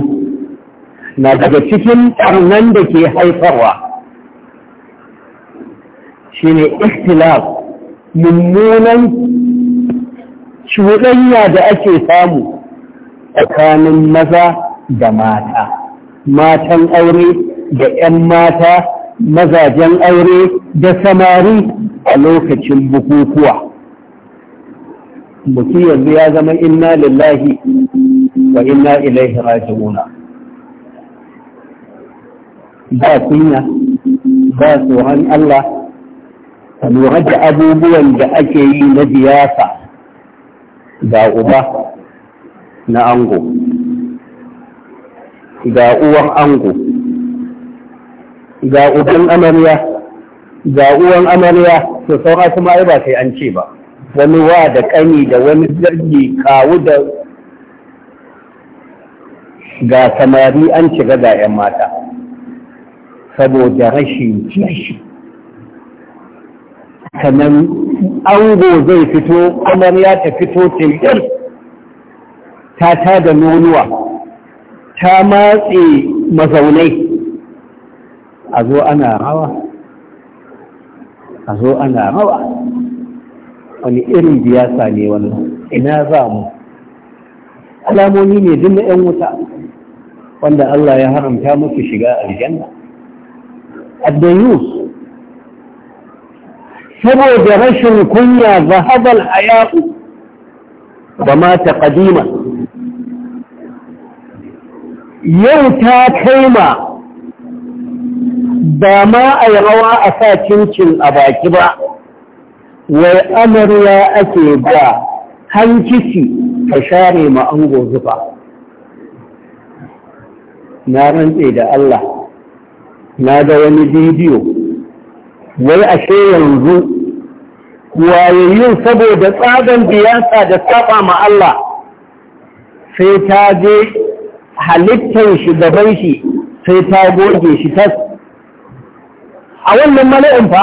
na daga cikin ƙarnan da ke haifarwa shi ne ikhtilaf mummunan cuɗanya da ake samu tsakanin maza da mata matan aure da 'yan mata mazajen aure da samari a lokacin bukukuwa mutum yanzu ya zama inna lillahi wa inna ilaihi raji'una ba kunya ba tsoron Allah ka lura da abubuwan da ake yi na biyasa ga uba na ango ga uwan ango ga uban amarya ga uwan amarya to saura kuma ai ba sai an ce ba wani wa da kani da wani zargi kawu da ga samari an shiga ga 'yan mata saboda rashin kishi sannan ango zai fito amarya ta fito tinkir ta ta da nonuwa ta matse mazaunai a zo ana rawa a zo ana rawa wani irin biyasa ne wannan ina za mu alamomi ne duk na 'yan wuta wanda Allah ya haramta musu shiga aljanna addayus saboda rashin kunya zahabal a da mata kadima yau ta kaima ba ma a yi rawa a sa cincin a baki ba wai amarya ake ba hankisi ka share ma ango zuba na rantse da Allah na ga wani bidiyo wai ashe yanzu yayin saboda tsadon biyasa da saba ma Allah sai ta je halittar shi gaban shi sai ta goge shi ta a wannan mala'in fa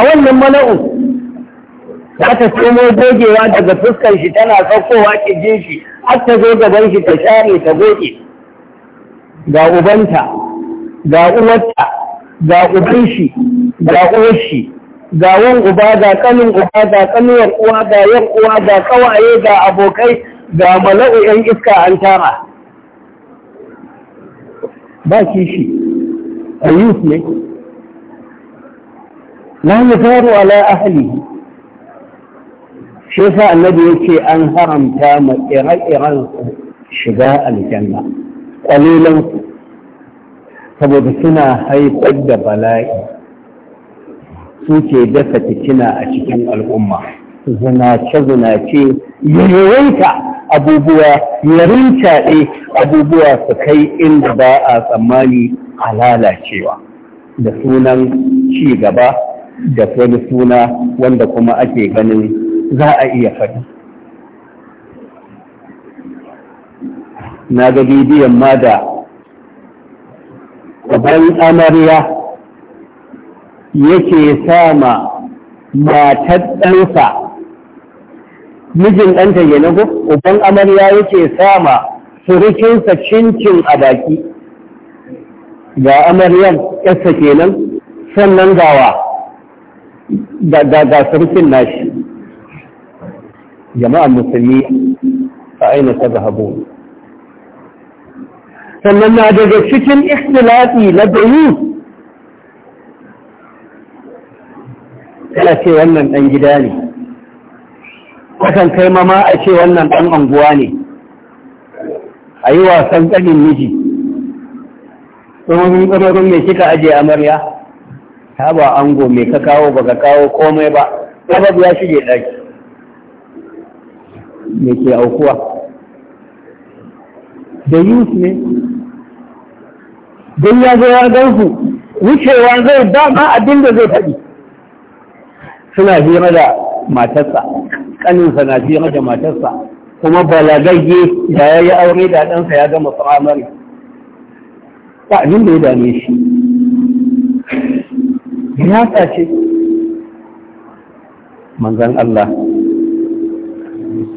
a wannan mala'in za ta samo gogewa daga fuskar shi tana saukowa jin shi har ta zo gaban shi ta share ta goge ga ubanta ga uwarta ga uban shi ga uwar shi ga wan uba ga kanin uba ga kanuwar uwa ga yan uwa ga kawaye ga abokai ga mala'u yan iska an tara ba kishi da yus ne la yutaru ala ahlihi shi sa annabi yake an haramta ma ire-iren shiga aljanna ƙwalilan saboda suna haifar da bala'i suke dafa titina a cikin al'umma zinace-zinace yawaita abubuwa ya rincaɗe abubuwa su kai inda ba a tsammani a lalacewa da sunan ci gaba da wani suna wanda kuma ake ganin za a iya faɗi na ga bidiyon ma da ƙabarin amarya yake sama matar ɗansa mijin ɗanta yanago uban amarya yake sama surukinsa cincin a baki ga amaryar yarsa kenan sannan gawa ga sarkin nashi Jama'a musulmi a aina ta zahabu sannan na daga cikin ikhtilafi na bayu yana ce wannan ɗan gida ne kwatan kai mama a ce wannan ɗan anguwa ne a yi wasan ƙanin miji tsohon ƙwararrun mai kika ajiye amarya ta ba ango mai ka kawo ba ka kawo komai ba sabab ya shige ɗaki me ke aukuwa da yus ne don ya zo ya gansu wucewa zai ba ma abin da zai faɗi suna hira da matarsa ƙaninsa na hira da matarsa kuma balagagge da ya yi aure da ɗansa ya gama firamare ba abin da ya dame shi ya ce manzan Allah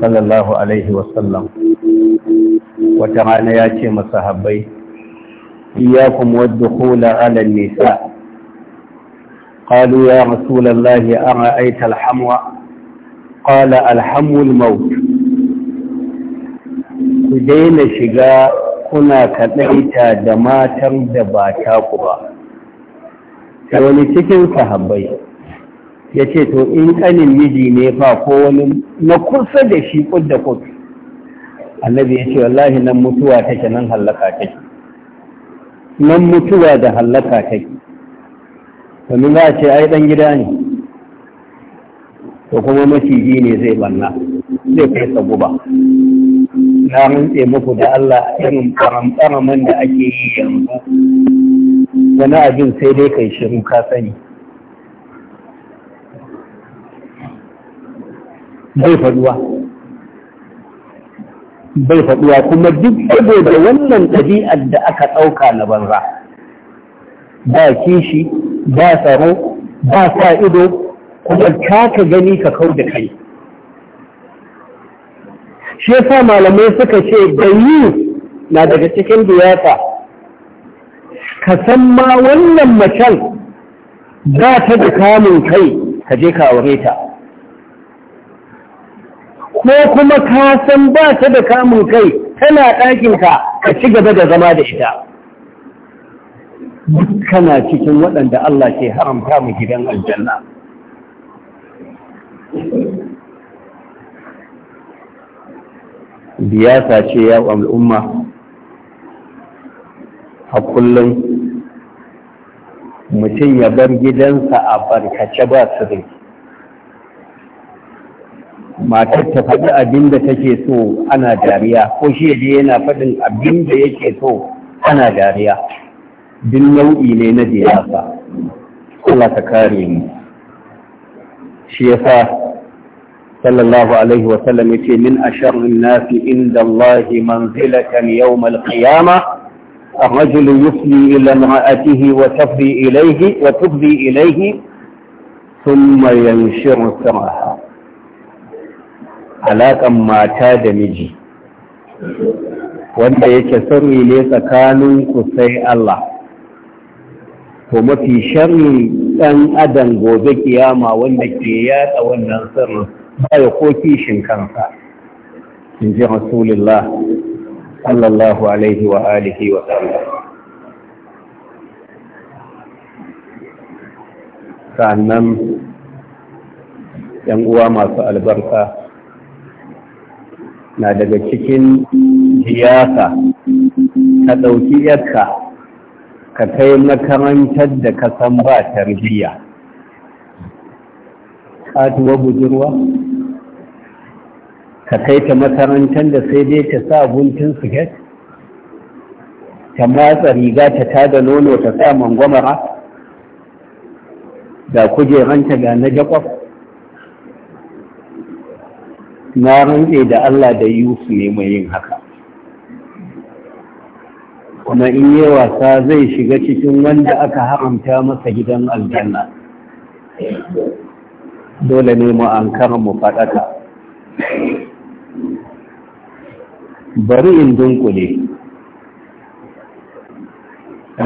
sallallahu alaihi wasallam wata rana ya ce kuma wadda waddukhula alal nisa قالوا يا رسول الله أرأيت الحمو قال الحمو الموت ku daina shiga kuna kaɗaita da matan da ba taku ba da wani cikin sahabbai ya ce to in kanin miji ne fa ko wani na kusa da shi da kudu annabi ya ce wallahi nan mutuwa take nan hallaka take nan mutuwa da hallaka take domin za a ce ai ɗan gida ne to kuma maciji ne zai banna zai kai tsaguba. na rantse muku da Allah irin karamtsaraman da ake yi yanzu wani abin sai dai kai shiru ka sani bai faduwa bai faduwa kuma duk saboda wannan ɗabi'ar da aka ɗauka na banza ba kishi ba tsaro ba sa ido kuma ka gani ka kau da kai shi sa malamai suka ce bayi na daga cikin biyata ka san ma wannan macen ba ta da kamun kai ka je ka aure ta ko kuma ka san ba ta da kamun kai tana ɗakinka ka ci gaba da zama da ita kana cikin waɗanda Allah ke haramta mu gidan aljanna biyasa ce ya al'umma a kullum mutum ya bar gidansa a barkace ba su rai matar ta faɗi abin da take so ana dariya ko shi je yana faɗin abin da yake so ana dariya duk nau'i ne na biyasa Allah ta kare mu shi yasa sallallahu alaihi wa sallam yace min a asharrin nasi inda Allah manzilatan yawm al-qiyamah الرجل يفضي إلى امرأته وتفضي إليه وتفضي إليه ثم ينشر سرها alaƙan mata da miji wanda yake sirri ne tsakanin ku sai Allah to mafi sharri ɗan adam gobe ƙiyama wanda ke yaɗa wannan sirrin ba ya ko kishin kansa in ji rasulullah sallallahu alaihi wa alihi wa sallam sannan yan uwa masu albarka na daga cikin jiyasa ka ɗauki yadda ka kai makarantar da ka san ba tarbiyya katuwa budurwa ka kai ta makarantar da sai dai ta sa guntun siket ta matsa riga ta da nono ta sa mangwamara da kujeranta ga na jakwaf na rantse da Allah da Yusuf ne mai yin haka kuma in yi wasa zai shiga cikin wanda aka haramta masa gidan aljanna dole ne mu an mu faɗaka bari in dunkule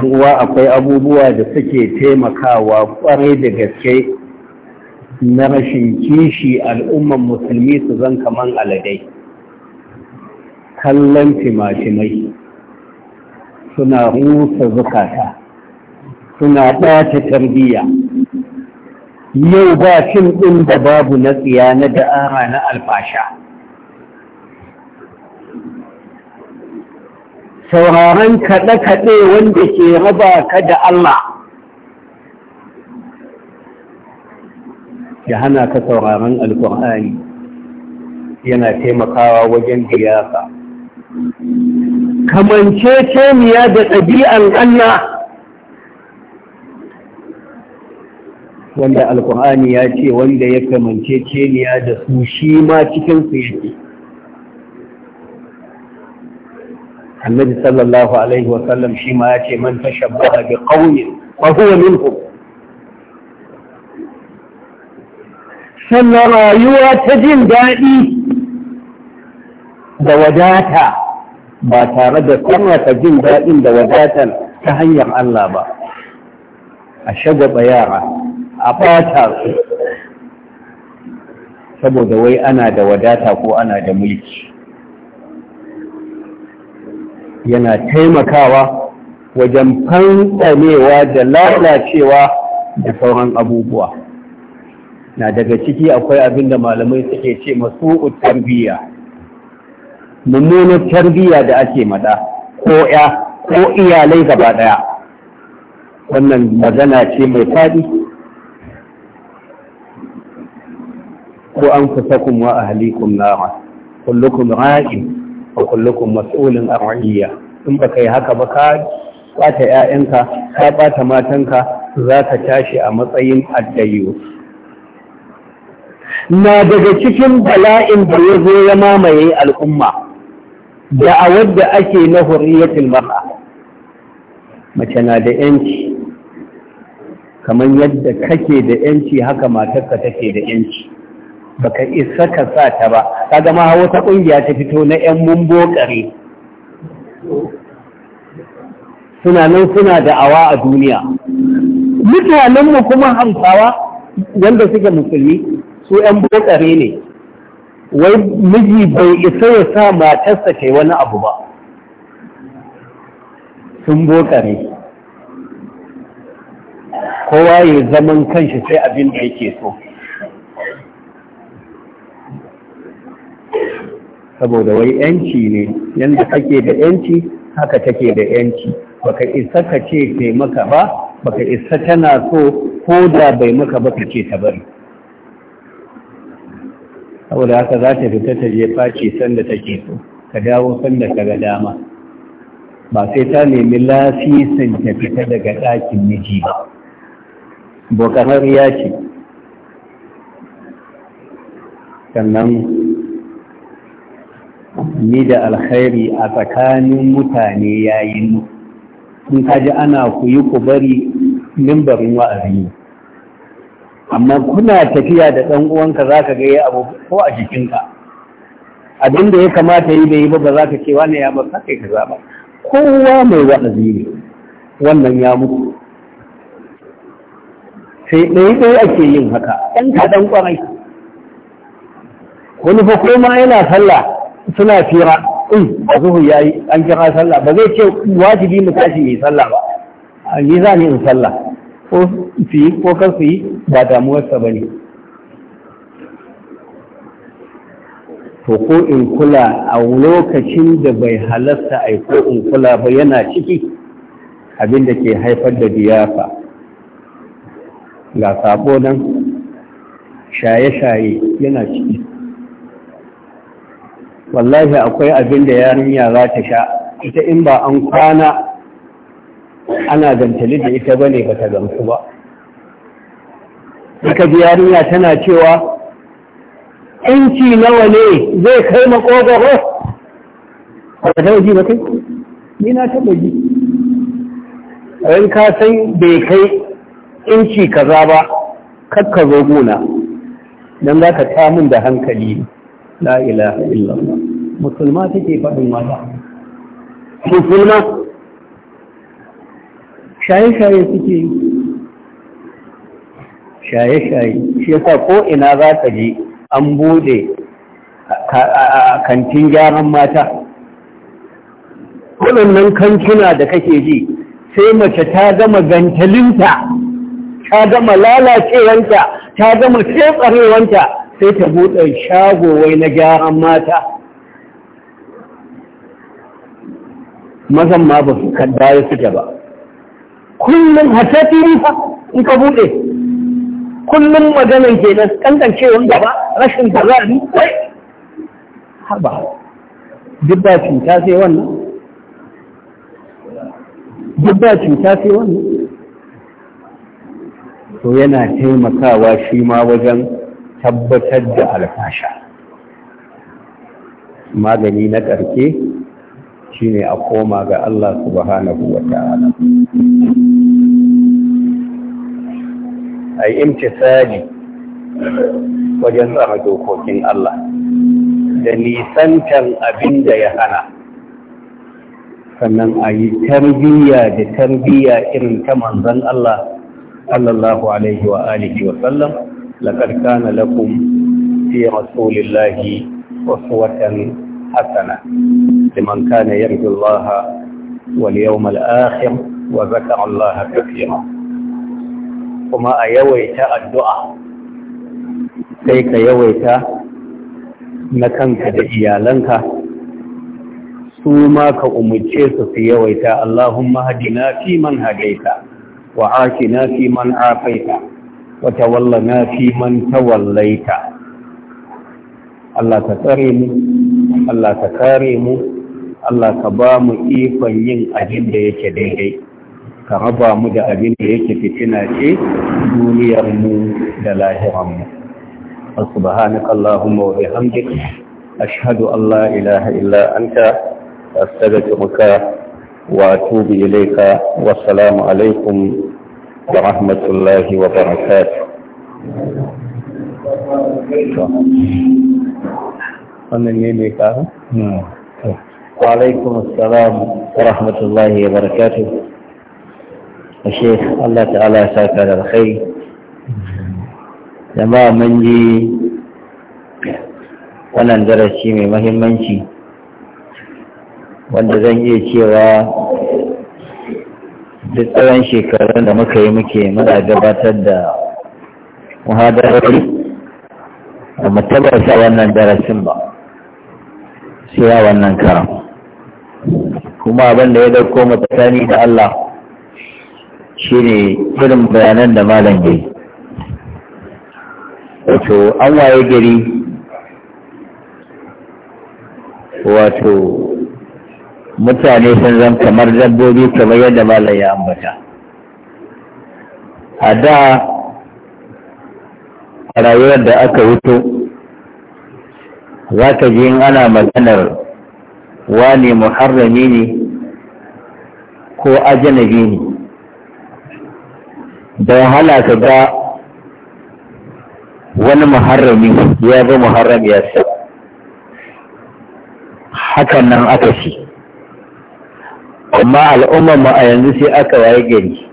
uwa akwai abubuwa da suke taimakawa kwarai da gaske na rashin kishi al'umman musulmi su zan kaman aladai kallon timashimai suna rusa zukata suna ɓata tarbiyya yau ba cin ɗin da babu na tsiya na da'ara na alfasha sauraron kaɗe-kaɗe wanda ke raba ka da Allah ya hana ka sauraron alkur'ani yana taimakawa wajen biyasa kamance cemiya da ɗabi'an Allah wanda alkur'ani ya ce wanda ya kamance cemiya da su shi ma cikinsu yake annabi sallallahu alaihi wasallam shi ma ya ce man tashabbaha bi ƙaunin fa sannan rayuwa ta jin daɗi da wadata ba tare da sarrafa jin daɗin da wadatan ta hanyar Allah ba a shagwaba yara a ɓata su saboda wai ana da wadata ko ana da mulki yana taimakawa wajen fantsamewa da lalacewa da sauran abubuwa na daga ciki akwai abin da malamai suke ce masu tarbiyya mummunar tarbiyya da ake mada ko ya ko iyalai gaba daya wannan magana ce mai faɗi ko an fusa kuma a halikun nawa ra'in wa kullukum mas'ulun an ra'iyya in baka yi haka ba ka bata ƴaƴanka ka bata matanka za ka tashi a matsayin addayo na daga cikin bala'in da ya zo ya mamaye al'umma da a wadda ake na hurriyatul mar'a mace na da yanci kamar yadda kake da yanci haka matarka take da yanci baka isa ka sa ta ba kaga ma wata ƙungiya ta fito na yan mumbokare suna nan suna da awa a duniya mutanenmu kuma hamsawa wanda suke musulmi su yan bokare ne wai miji bai isa ya sa matarsa ta wani abu ba sun bokare kowa ya zaman kanshi sai abin da yake so saboda wai yanci ne yanda kake da yanci haka take da yanci baka isa ka ce kai maka ba baka isa tana so ko da bai maka ba ka ce ta bari saboda haka za ta fita ta je faci sanda take so ka dawo sanda ka ga dama ba sai ta nemi lasisin ta fita daga ɗakin miji ba bokanar ya ce sannan ni da alkhairi a tsakanin mutane yayin in ka ji ana ku yi ku bari mimbarin wa'azi amma kuna tafiya da ɗan uwanka za ka gaya abu ko a jikinka abin da ya kamata yi bai yi ba za ka ce wani ya ba kai ka ba, kowa mai wa'azi ne wannan ya mutu sai ɗaya ɗaya ake yin haka ɗan kaɗan ƙwarai wani fa koma yana sallah suna fira in a zuhu ya yi an kira sallah ba zai ce wajibi mu tashi yi sallah ba a ni za ni in sallah ko su yi ko kar su yi ba damuwarsa ba ne to ko in kula a lokacin da bai halasta a ko in kula ba yana ciki abinda ke haifar da diyafa ga sabo shaye-shaye yana ciki wallahi akwai abin da yarinya za ta sha ita in ba an kwana ana gantali da ita bane ba ta gamsu ba ita yarinya tana cewa inci nawa ne zai kai makogaro a ta waje ba kai ni na taba ji in ka san bai kai inci kaza ba kakka zo gona don za ka tamun da hankali ne la ilaha illallah musulma take faɗin mata musulma shaye-shaye suke yi shaye-shaye shi yasa ko ina za ka je an bude kantin gyaran mata waɗannan kankina da kake ji sai mace ta gama gantalinta ta gama lalacewanta ta gama tsetsarewanta sai ta buɗe shagowai na gyaran mata mazan ma ba su kaddaya suke ba kullum hatta rufa in ka buɗe kullum maganin ke nan wanda gaba rashin tazari wai haba duk ba cuta sai wannan duk ba cuta sai wannan to yana taimakawa shi ma wajen tabbatar da alfasha magani na ƙarke ne a koma ga Allah subhanahu wa ta'ala ai imtisali wajen tsara dokokin Allah da nisantar abin da ya hana sannan a yi tarbiyya da tarbiyya irin ta manzon Allah sallallahu alaihi wa alihi wa sallam لقد كان لكم في رسول الله أسوة حسنة لمن كان يرجو الله واليوم الآخر وذكر الله كثيرا وما أيويت الدعاء كيك يويت نكنك دعيالنك سوما كأمجيس في يويت اللهم هدنا في من هديت وعافنا في من عافيت Ka ta walla na fi man tawallai ta. Allah ka tsare mu, Allah ka kare mu, Allah ka bamu ifan yin ajin yake daidai. Ka raba mu da ajin da yake fitina shi, duniyar mu da lahiran mu. Al-subhani wa bihamdika. Ashaɗu Allah ila ila'anta. Asada ta maka wato biyar eka. Wa salamu alaikum. ورحمة الله وبركاته وعليكم السلام ورحمة الله وبركاته الشيخ الله تعالى ساكى على الخير جماعة من جي wannan darasi mai mahimmanci wanda zan iya cewa duk tsawon shekarun da muka yi muke muna gabatar da muhadarari da mu sa wannan darasin ba sai ya wannan karam kuma abinda ya dauko mu da Allah shi ne irin bayanan da malam yi wato an waye gari wato mutane sun zan kamar dabbobi kamar yadda malam ya ambata a da rayuwar da aka wuto za ka ji ana maganar wani muharrami ne ko ajanabi ne da wahala ka ga wani muharrami ya bi muharrami ya sa hakan nan aka shi amma al'ummar mu a yanzu sai aka waye gari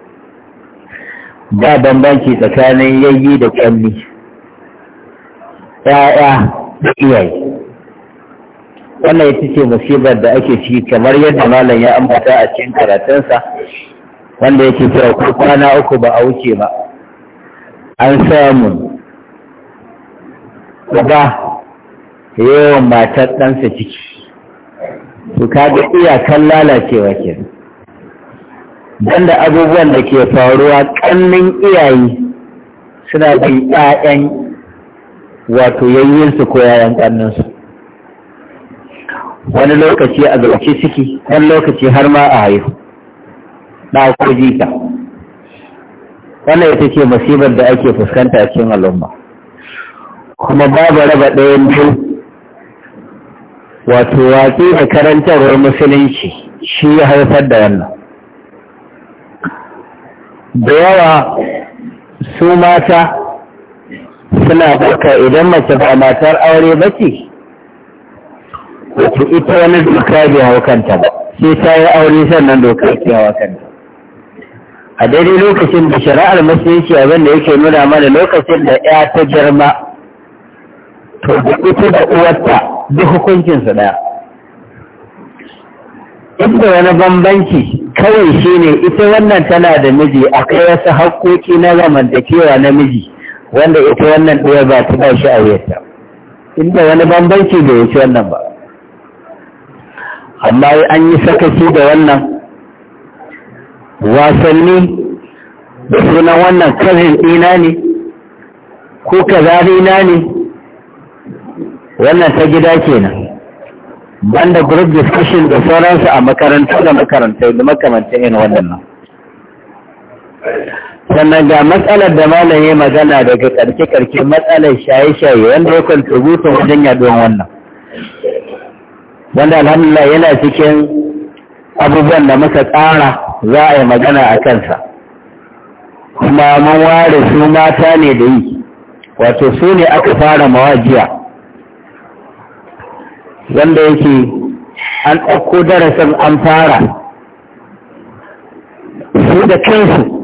ba bambanci tsakanin yayi da kyalli ya'ya da iyaye wannan ita ce musibar da ake ciki kamar yadda malam ya ambata a cikin karatunsa wanda yake cewa ko kwana uku ba a wuce ba an samu ba yawan matar ɗansa ciki to ga iyakan lalacewa ke dan da abubuwan da ke faruwa kannin iyaye suna bin ƴaƴan wato yayyinsu ko yayan ƙanninsu wani lokaci a zauce ciki wani lokaci har ma a haihu na ko jika wannan ita ce masibar da ake fuskanta a cikin al'umma kuma babu raba ɗayan biyu wato watsi da karantarwar musulunci shi ya haifar da wannan da yawa su mata suna baka idan mace ba matar aure ba ce wato ita wani doka bai hau kanta ba sai ta yi aure sannan doka ke hau kanta a daidai lokacin da shari'ar musulunci abin da yake nuna mana lokacin da ya ta girma to da ita da uwarta duk hukuncinsa ɗaya inda wani bambanci kawai shi ne ita wannan tana da miji akwai wasu haƙoƙi na zamantakewa na miji wanda ita wannan ɗaya ba ta ba shi a wuyarta inda wani bambanci da wuce wannan ba amma an yi sakaci da wannan wasanni da sunan wannan kazin ɗina ne ko na ne wannan ta gida kenan banda group discussion da sauransu a makarantar da makarantar da makamantan yin waɗannan sannan ga matsalar da malaye magana daga karke-karke matsalar shaye-shaye wanda ya kontributin wajen yaduwan wannan wanda alhamdulillah yana cikin abubuwan da muka tsara za a yi magana a kansa kuma mun ware su mata ne da yi wato su ne aka fara mawajiya wanda yake an ɗauko darasin an fara su da kansu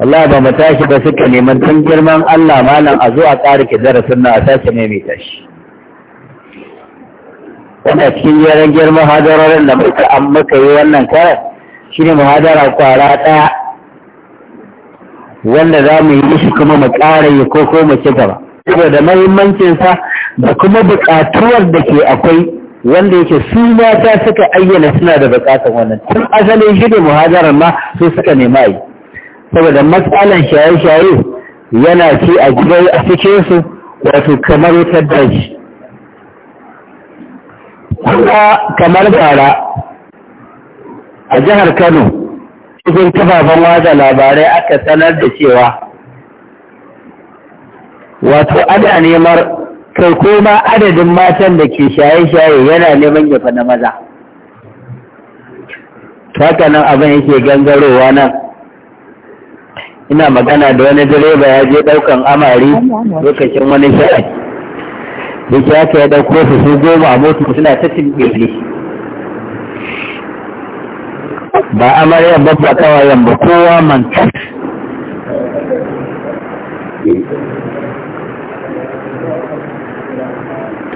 Allah ba mu tashi ba suka neman tun girman Allah malam a zuwa a ke darasin na a sashi ne mai tashi wanda cikin yaran girman hadarorin da muka an muka yi wannan karar shi ne muhadara kwara ɗaya wanda za mu yi shi kuma mu ƙara yi ko ko mu ci gaba saboda mahimmancinsa da kuma buƙatuwar da ke akwai wanda yake su mata suka ayyana suna da buƙatar wannan tun asalin shi da muhajarar ma su suka nema yi saboda matsalan shaye-shaye yana ce a gida a su wato kamar wutar daji kuma kamar bara a jihar kano cikin kafafen wata labarai aka sanar da cewa wato ana nemar kai ko ma adadin matan da ke shaye-shaye yana neman ya na maza haka nan abin yake gangarowa nan ina magana da wani direba ya je ɗaukan amari lokacin wani sha'ad da ke haka ya ɗauko su su goma a motu suna ta cikin ba amaryan babba kawayen ba kowa manta.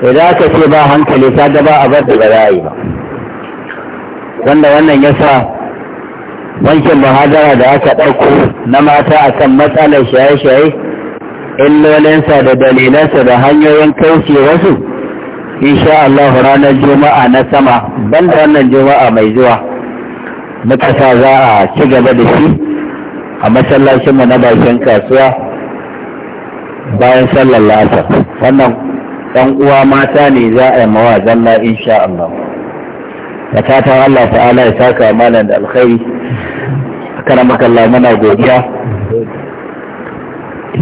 idan aka ce ba hankali ta ba a bar da ba yi ba wanda wannan ya sa wankin muhadara da aka ɗauko na mata akan matsalar shaye-shaye illolinsa da dalilansa da hanyoyin kauce wasu insha Allah ranar juma'a na sama banda wannan juma'a mai zuwa muka sa za a ci gaba da shi a masallacinmu na bakin kasuwa bayan sallar la'asar wannan ɗan uwa mata ne za a yi mawa zalla insha Allah da fatan Allah ta'ala ya saka malam da alkhairi kana makalla mana godiya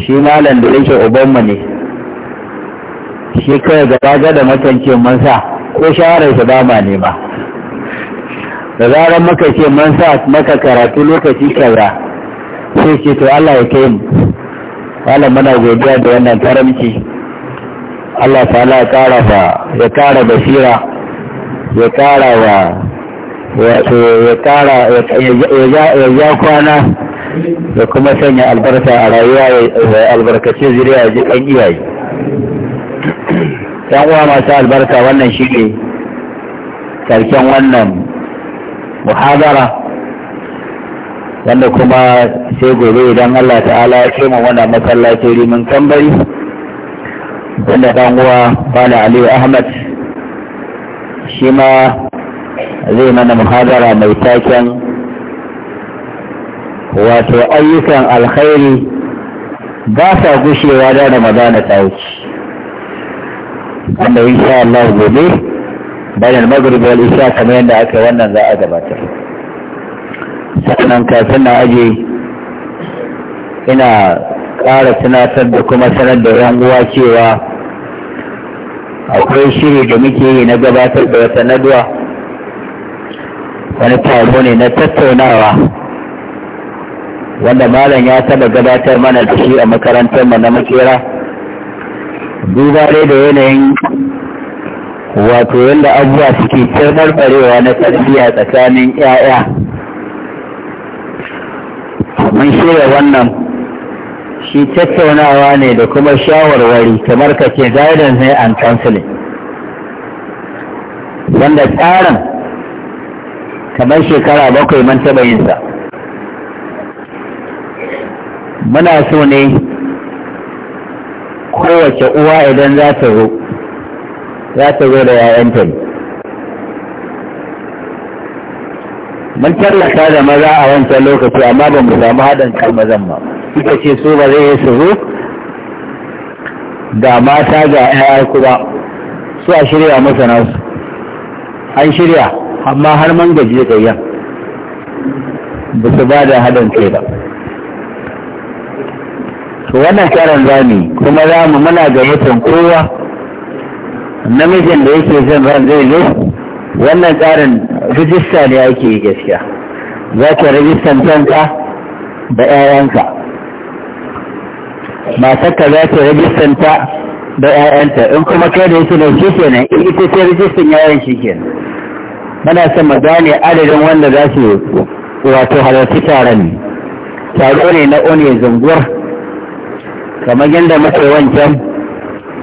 shi malam da yake ubanmu ne shi kai gaba ga da makance mansa ko shawarar su dama ne ba da zarar muka ce mansa maka karatu lokaci kaza sai ce to Allah ya kai mu malam muna godiya da wannan karamci Allah ta'ala ya kara ya kara basira ya kara wa ya ya kwana da kuma sanya albarka a rayuwa ya albarkace zuriya ji kan iyaye yan uwa masu albarka wannan shi ne karshen wannan muhadara wanda kuma sai gobe idan Allah ta'ala ya ce mu wannan masallacin rimin kambari wanda dan uwa bala aliyu ahmad shi ma zai mana muhadara mai taken wato ayyukan alkhairi ba sa gushewa da ramadana ta wuce wanda insha Allah gobe bayan maghrib wal isha kamar yadda aka wannan za a gabatar sannan kafin na aje ina ƙara tunatar da kuma sanar da yan uwa cewa akwai shiri da muke yi na gabatar da wata naduwa wani taro ne na tattaunawa wanda malam ya taba gabatar mana da shi a makarantar na makera duba dai da yanayin wato yadda abuwa suke tarbarbarewa na a tsakanin 'ya'ya mun shirya wannan shi tattaunawa ne da kuma shawarwari kamar ka ce guidance ne and counseling wanda tsarin kamar shekara bakwai man taɓa yinsa muna so ne kowace uwa idan za ta zo za ta zo da yayanta ne mun tallata da maza a wancan lokaci amma ba mu samu haɗin kan mazan ba suka ce su ba zai su zo da mata ga ‘ya'ya kuma su a shirya masa nasu an shirya amma har man gaji da ƙayyan ba su ba da haɗin kai ba to wannan karan zami kuma za mu muna mutum kowa namijin da yake zan ran zai ne wannan tsarin rijista ne ake yi gaskiya za ka rijistan kanka da 'ya'yanka matarka za ta rajistanta da 'ya'yanta in kuma kai da yake da shi kenan in ita ce rajistan yayan shi kenan muna son mu gane adadin wanda za su wato halarci taron taro ne na one zungur kamar yadda muka wancan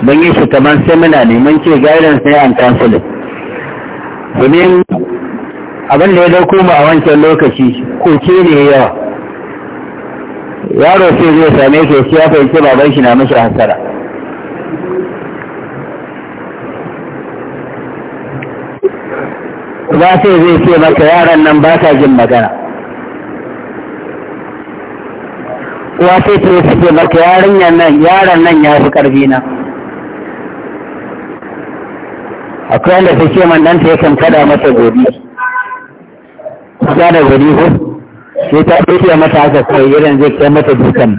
mun yi shi kamar semina ne mun ce guidance ne an kansula. domin abin ya dauko mu a wancan lokaci ko ne yawa yaro sai zai same shi shi ya fahimci baban shi na mashi hasara ba sai zai ce maka yaran nan ba ta jin magana Kuwa sai ce su ce maka yarinyar nan yaran nan ya fi ƙarfi na akwai wanda su ce man ɗanta yakan kada masa godi? Ku da godi ko sai ta ɗauke mata haka kai irin zai kai mata dukan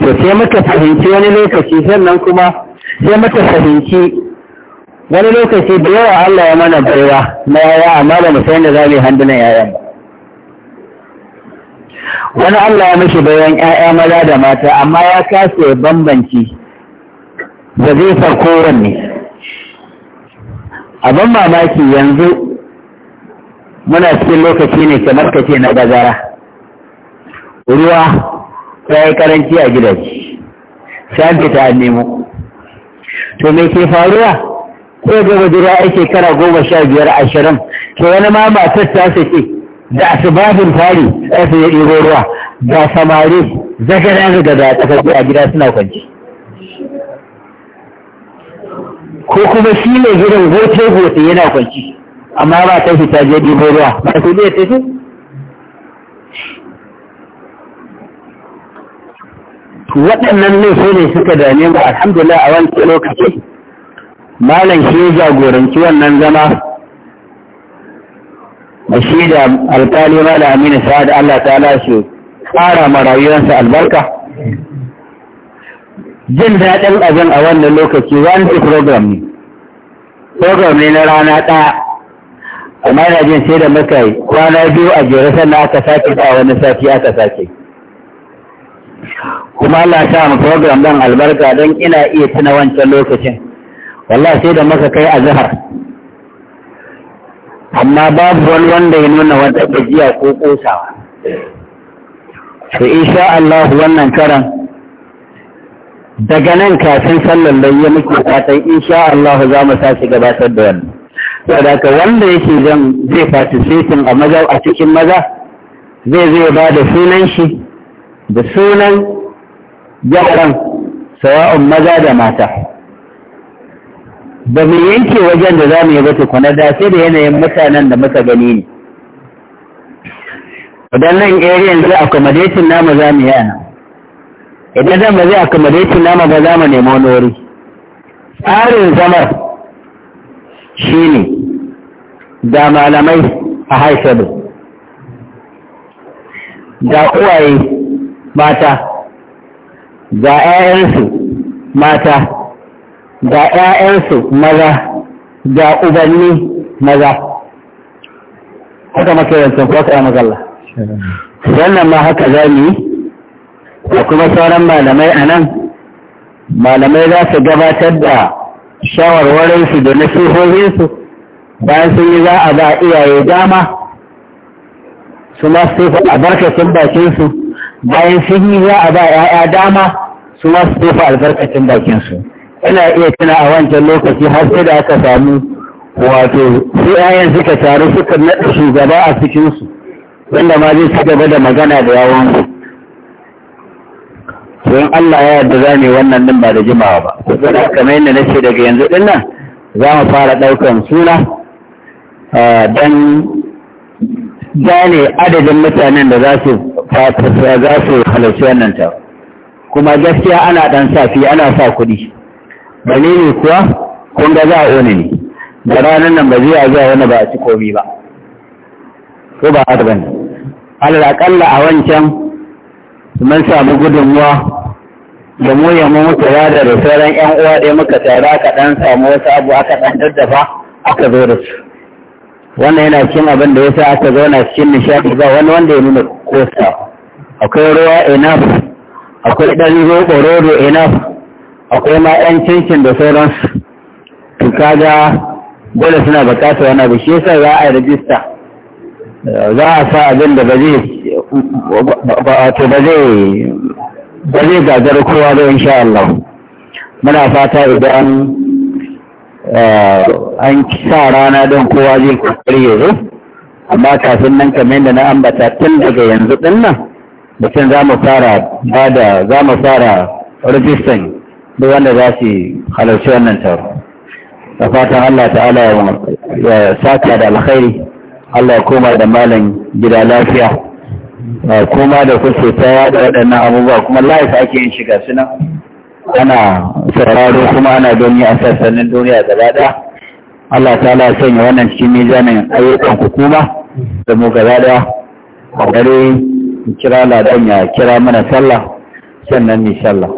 to sai mata fahimci wani lokaci sannan kuma sai mata fahimci wani lokaci da yawa Allah ya mana baiwa na yaya amma ba mu san da za mu na yayan ba wani Allah ya mishi bayan ‘ya'ya maza da mata amma ya kasa bambanci da zai sa kowanne abin mamaki yanzu muna cikin lokaci ne kamar ka ce na bazara ruwa ta yi karanci a gidaje shan fita nemo to me ke faruwa ko ga budura ai shekara goma sha biyar ashirin to wani ma matar ta sake da asibabin fari sai ya ɗigo ruwa Ga samari zagara ga da tsakaki a gida suna kwanci ko kuma shi ne gidan goce goce yana kwanci amma ba ta fita je ɗibo ruwa ba su zai tafi waɗannan ne su ne suka dame mu alhamdulillah a wancan lokaci malam shi ya jagoranci wannan zama da shi da alƙali malam aminu sa'ad Allah ta lashe ƙara ma albarka jin daɗin abin a wannan lokaci wani day program ne program ne na rana ɗaya a yana jin sai da muka yi kwana biyu a jere sannan aka sake ba wani sati aka sake kuma Allah sa mu program ɗin albarka don ina iya tuna wancan lokacin wallahi sai da muka kai a zahar amma babu wani wanda ya nuna wata gajiya ko kosawa to insha Allah wannan karan daga nan kafin Sallar layya muke fatan insha Allah za mu sace gabatar da wannan saboda ka wanda yake zan zai participating a maza a cikin maza zai zai ba da sunan shi da sunan yaran sawa'un maza da mata ba mu yanke wajen da za mu yi ba tukuna da sai da yanayin mutanen da muka gani ne waɗannan area yanzu accommodating namu za mu yana. idan zan ba zai accommodate nama ba za mu nemi wani wuri tsarin zamar shi ne da malamai a haifadu da uwaye mata da 'ya'yansu mata da 'ya'yansu maza da ubanni maza haka makarantar kwakwa ya mazalla wannan ma haka za mu yi da kuma sauran malamai a nan malamai za su gabatar da shawarwarinsu da nasihohinsu bayan sun yi za a ba iyaye dama su ma su albarkacin bakinsu bayan sun yi za a ba 'ya'ya dama su ma su albarkacin bakinsu ina iya tuna a wancan lokaci har sai da aka samu wato su 'ya'yan suka taru suka naɗa shugaba a cikinsu wanda ma zai ci gaba da magana da yawon to in Allah ya yarda za mu wannan din ba da jimawa ba kuma kamar yadda nace daga yanzu din nan za mu fara daukan suna dan gane adadin mutanen da za su za su halarci wannan ta kuma gaskiya ana dan safi ana sa kuɗi ne kuwa kun ga za a one ne da ranar nan ba zai zuwa wani ba a ci komi ba ko ba a Allah akalla a wancan mun samu gudunmuwa da mu ya mu muka yada da sauran yan uwa ɗaya muka tare aka ɗan samu wasu abu aka dan daddafa aka zo da su wannan yana cikin abin da ya sa aka zauna cikin nishaɗi ba wani wanda ya nuna kosa akwai ruwa enough akwai ɗan roƙo rodo enough akwai ma ɗan cincin da sauransu to kaga dole suna buƙatar wani abu shi yasa za a rajista za a sa abin da ba zai ba zai gagar kowa da insha Allah muna fata idan eh, an sa rana don kowa zai kwakwari ya zo amma kafin nan kamar da na ambata tun daga yanzu din nan mutum za mu fara ba da za mu fara rajistan duk wanda za su halarci wannan taro da fatan Allah ta'ala ya saka da alkhairi Allah ya koma da malam gida lafiya kuma da kuke ta yada waɗannan abubuwa kuma live ake yin shiga suna ana sauraro kuma ana gani a sassanin duniya gaba ɗaya Allah ta la sanya wannan cikin mizanin ayyukan hukuma da mu gaba ɗaya a dare kira ladan ya kira mana sallah sannan ni sallah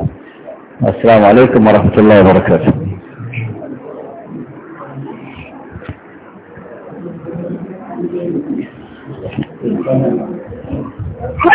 assalamu alaikum wa rahmatullahi wa barakatuh Thank you.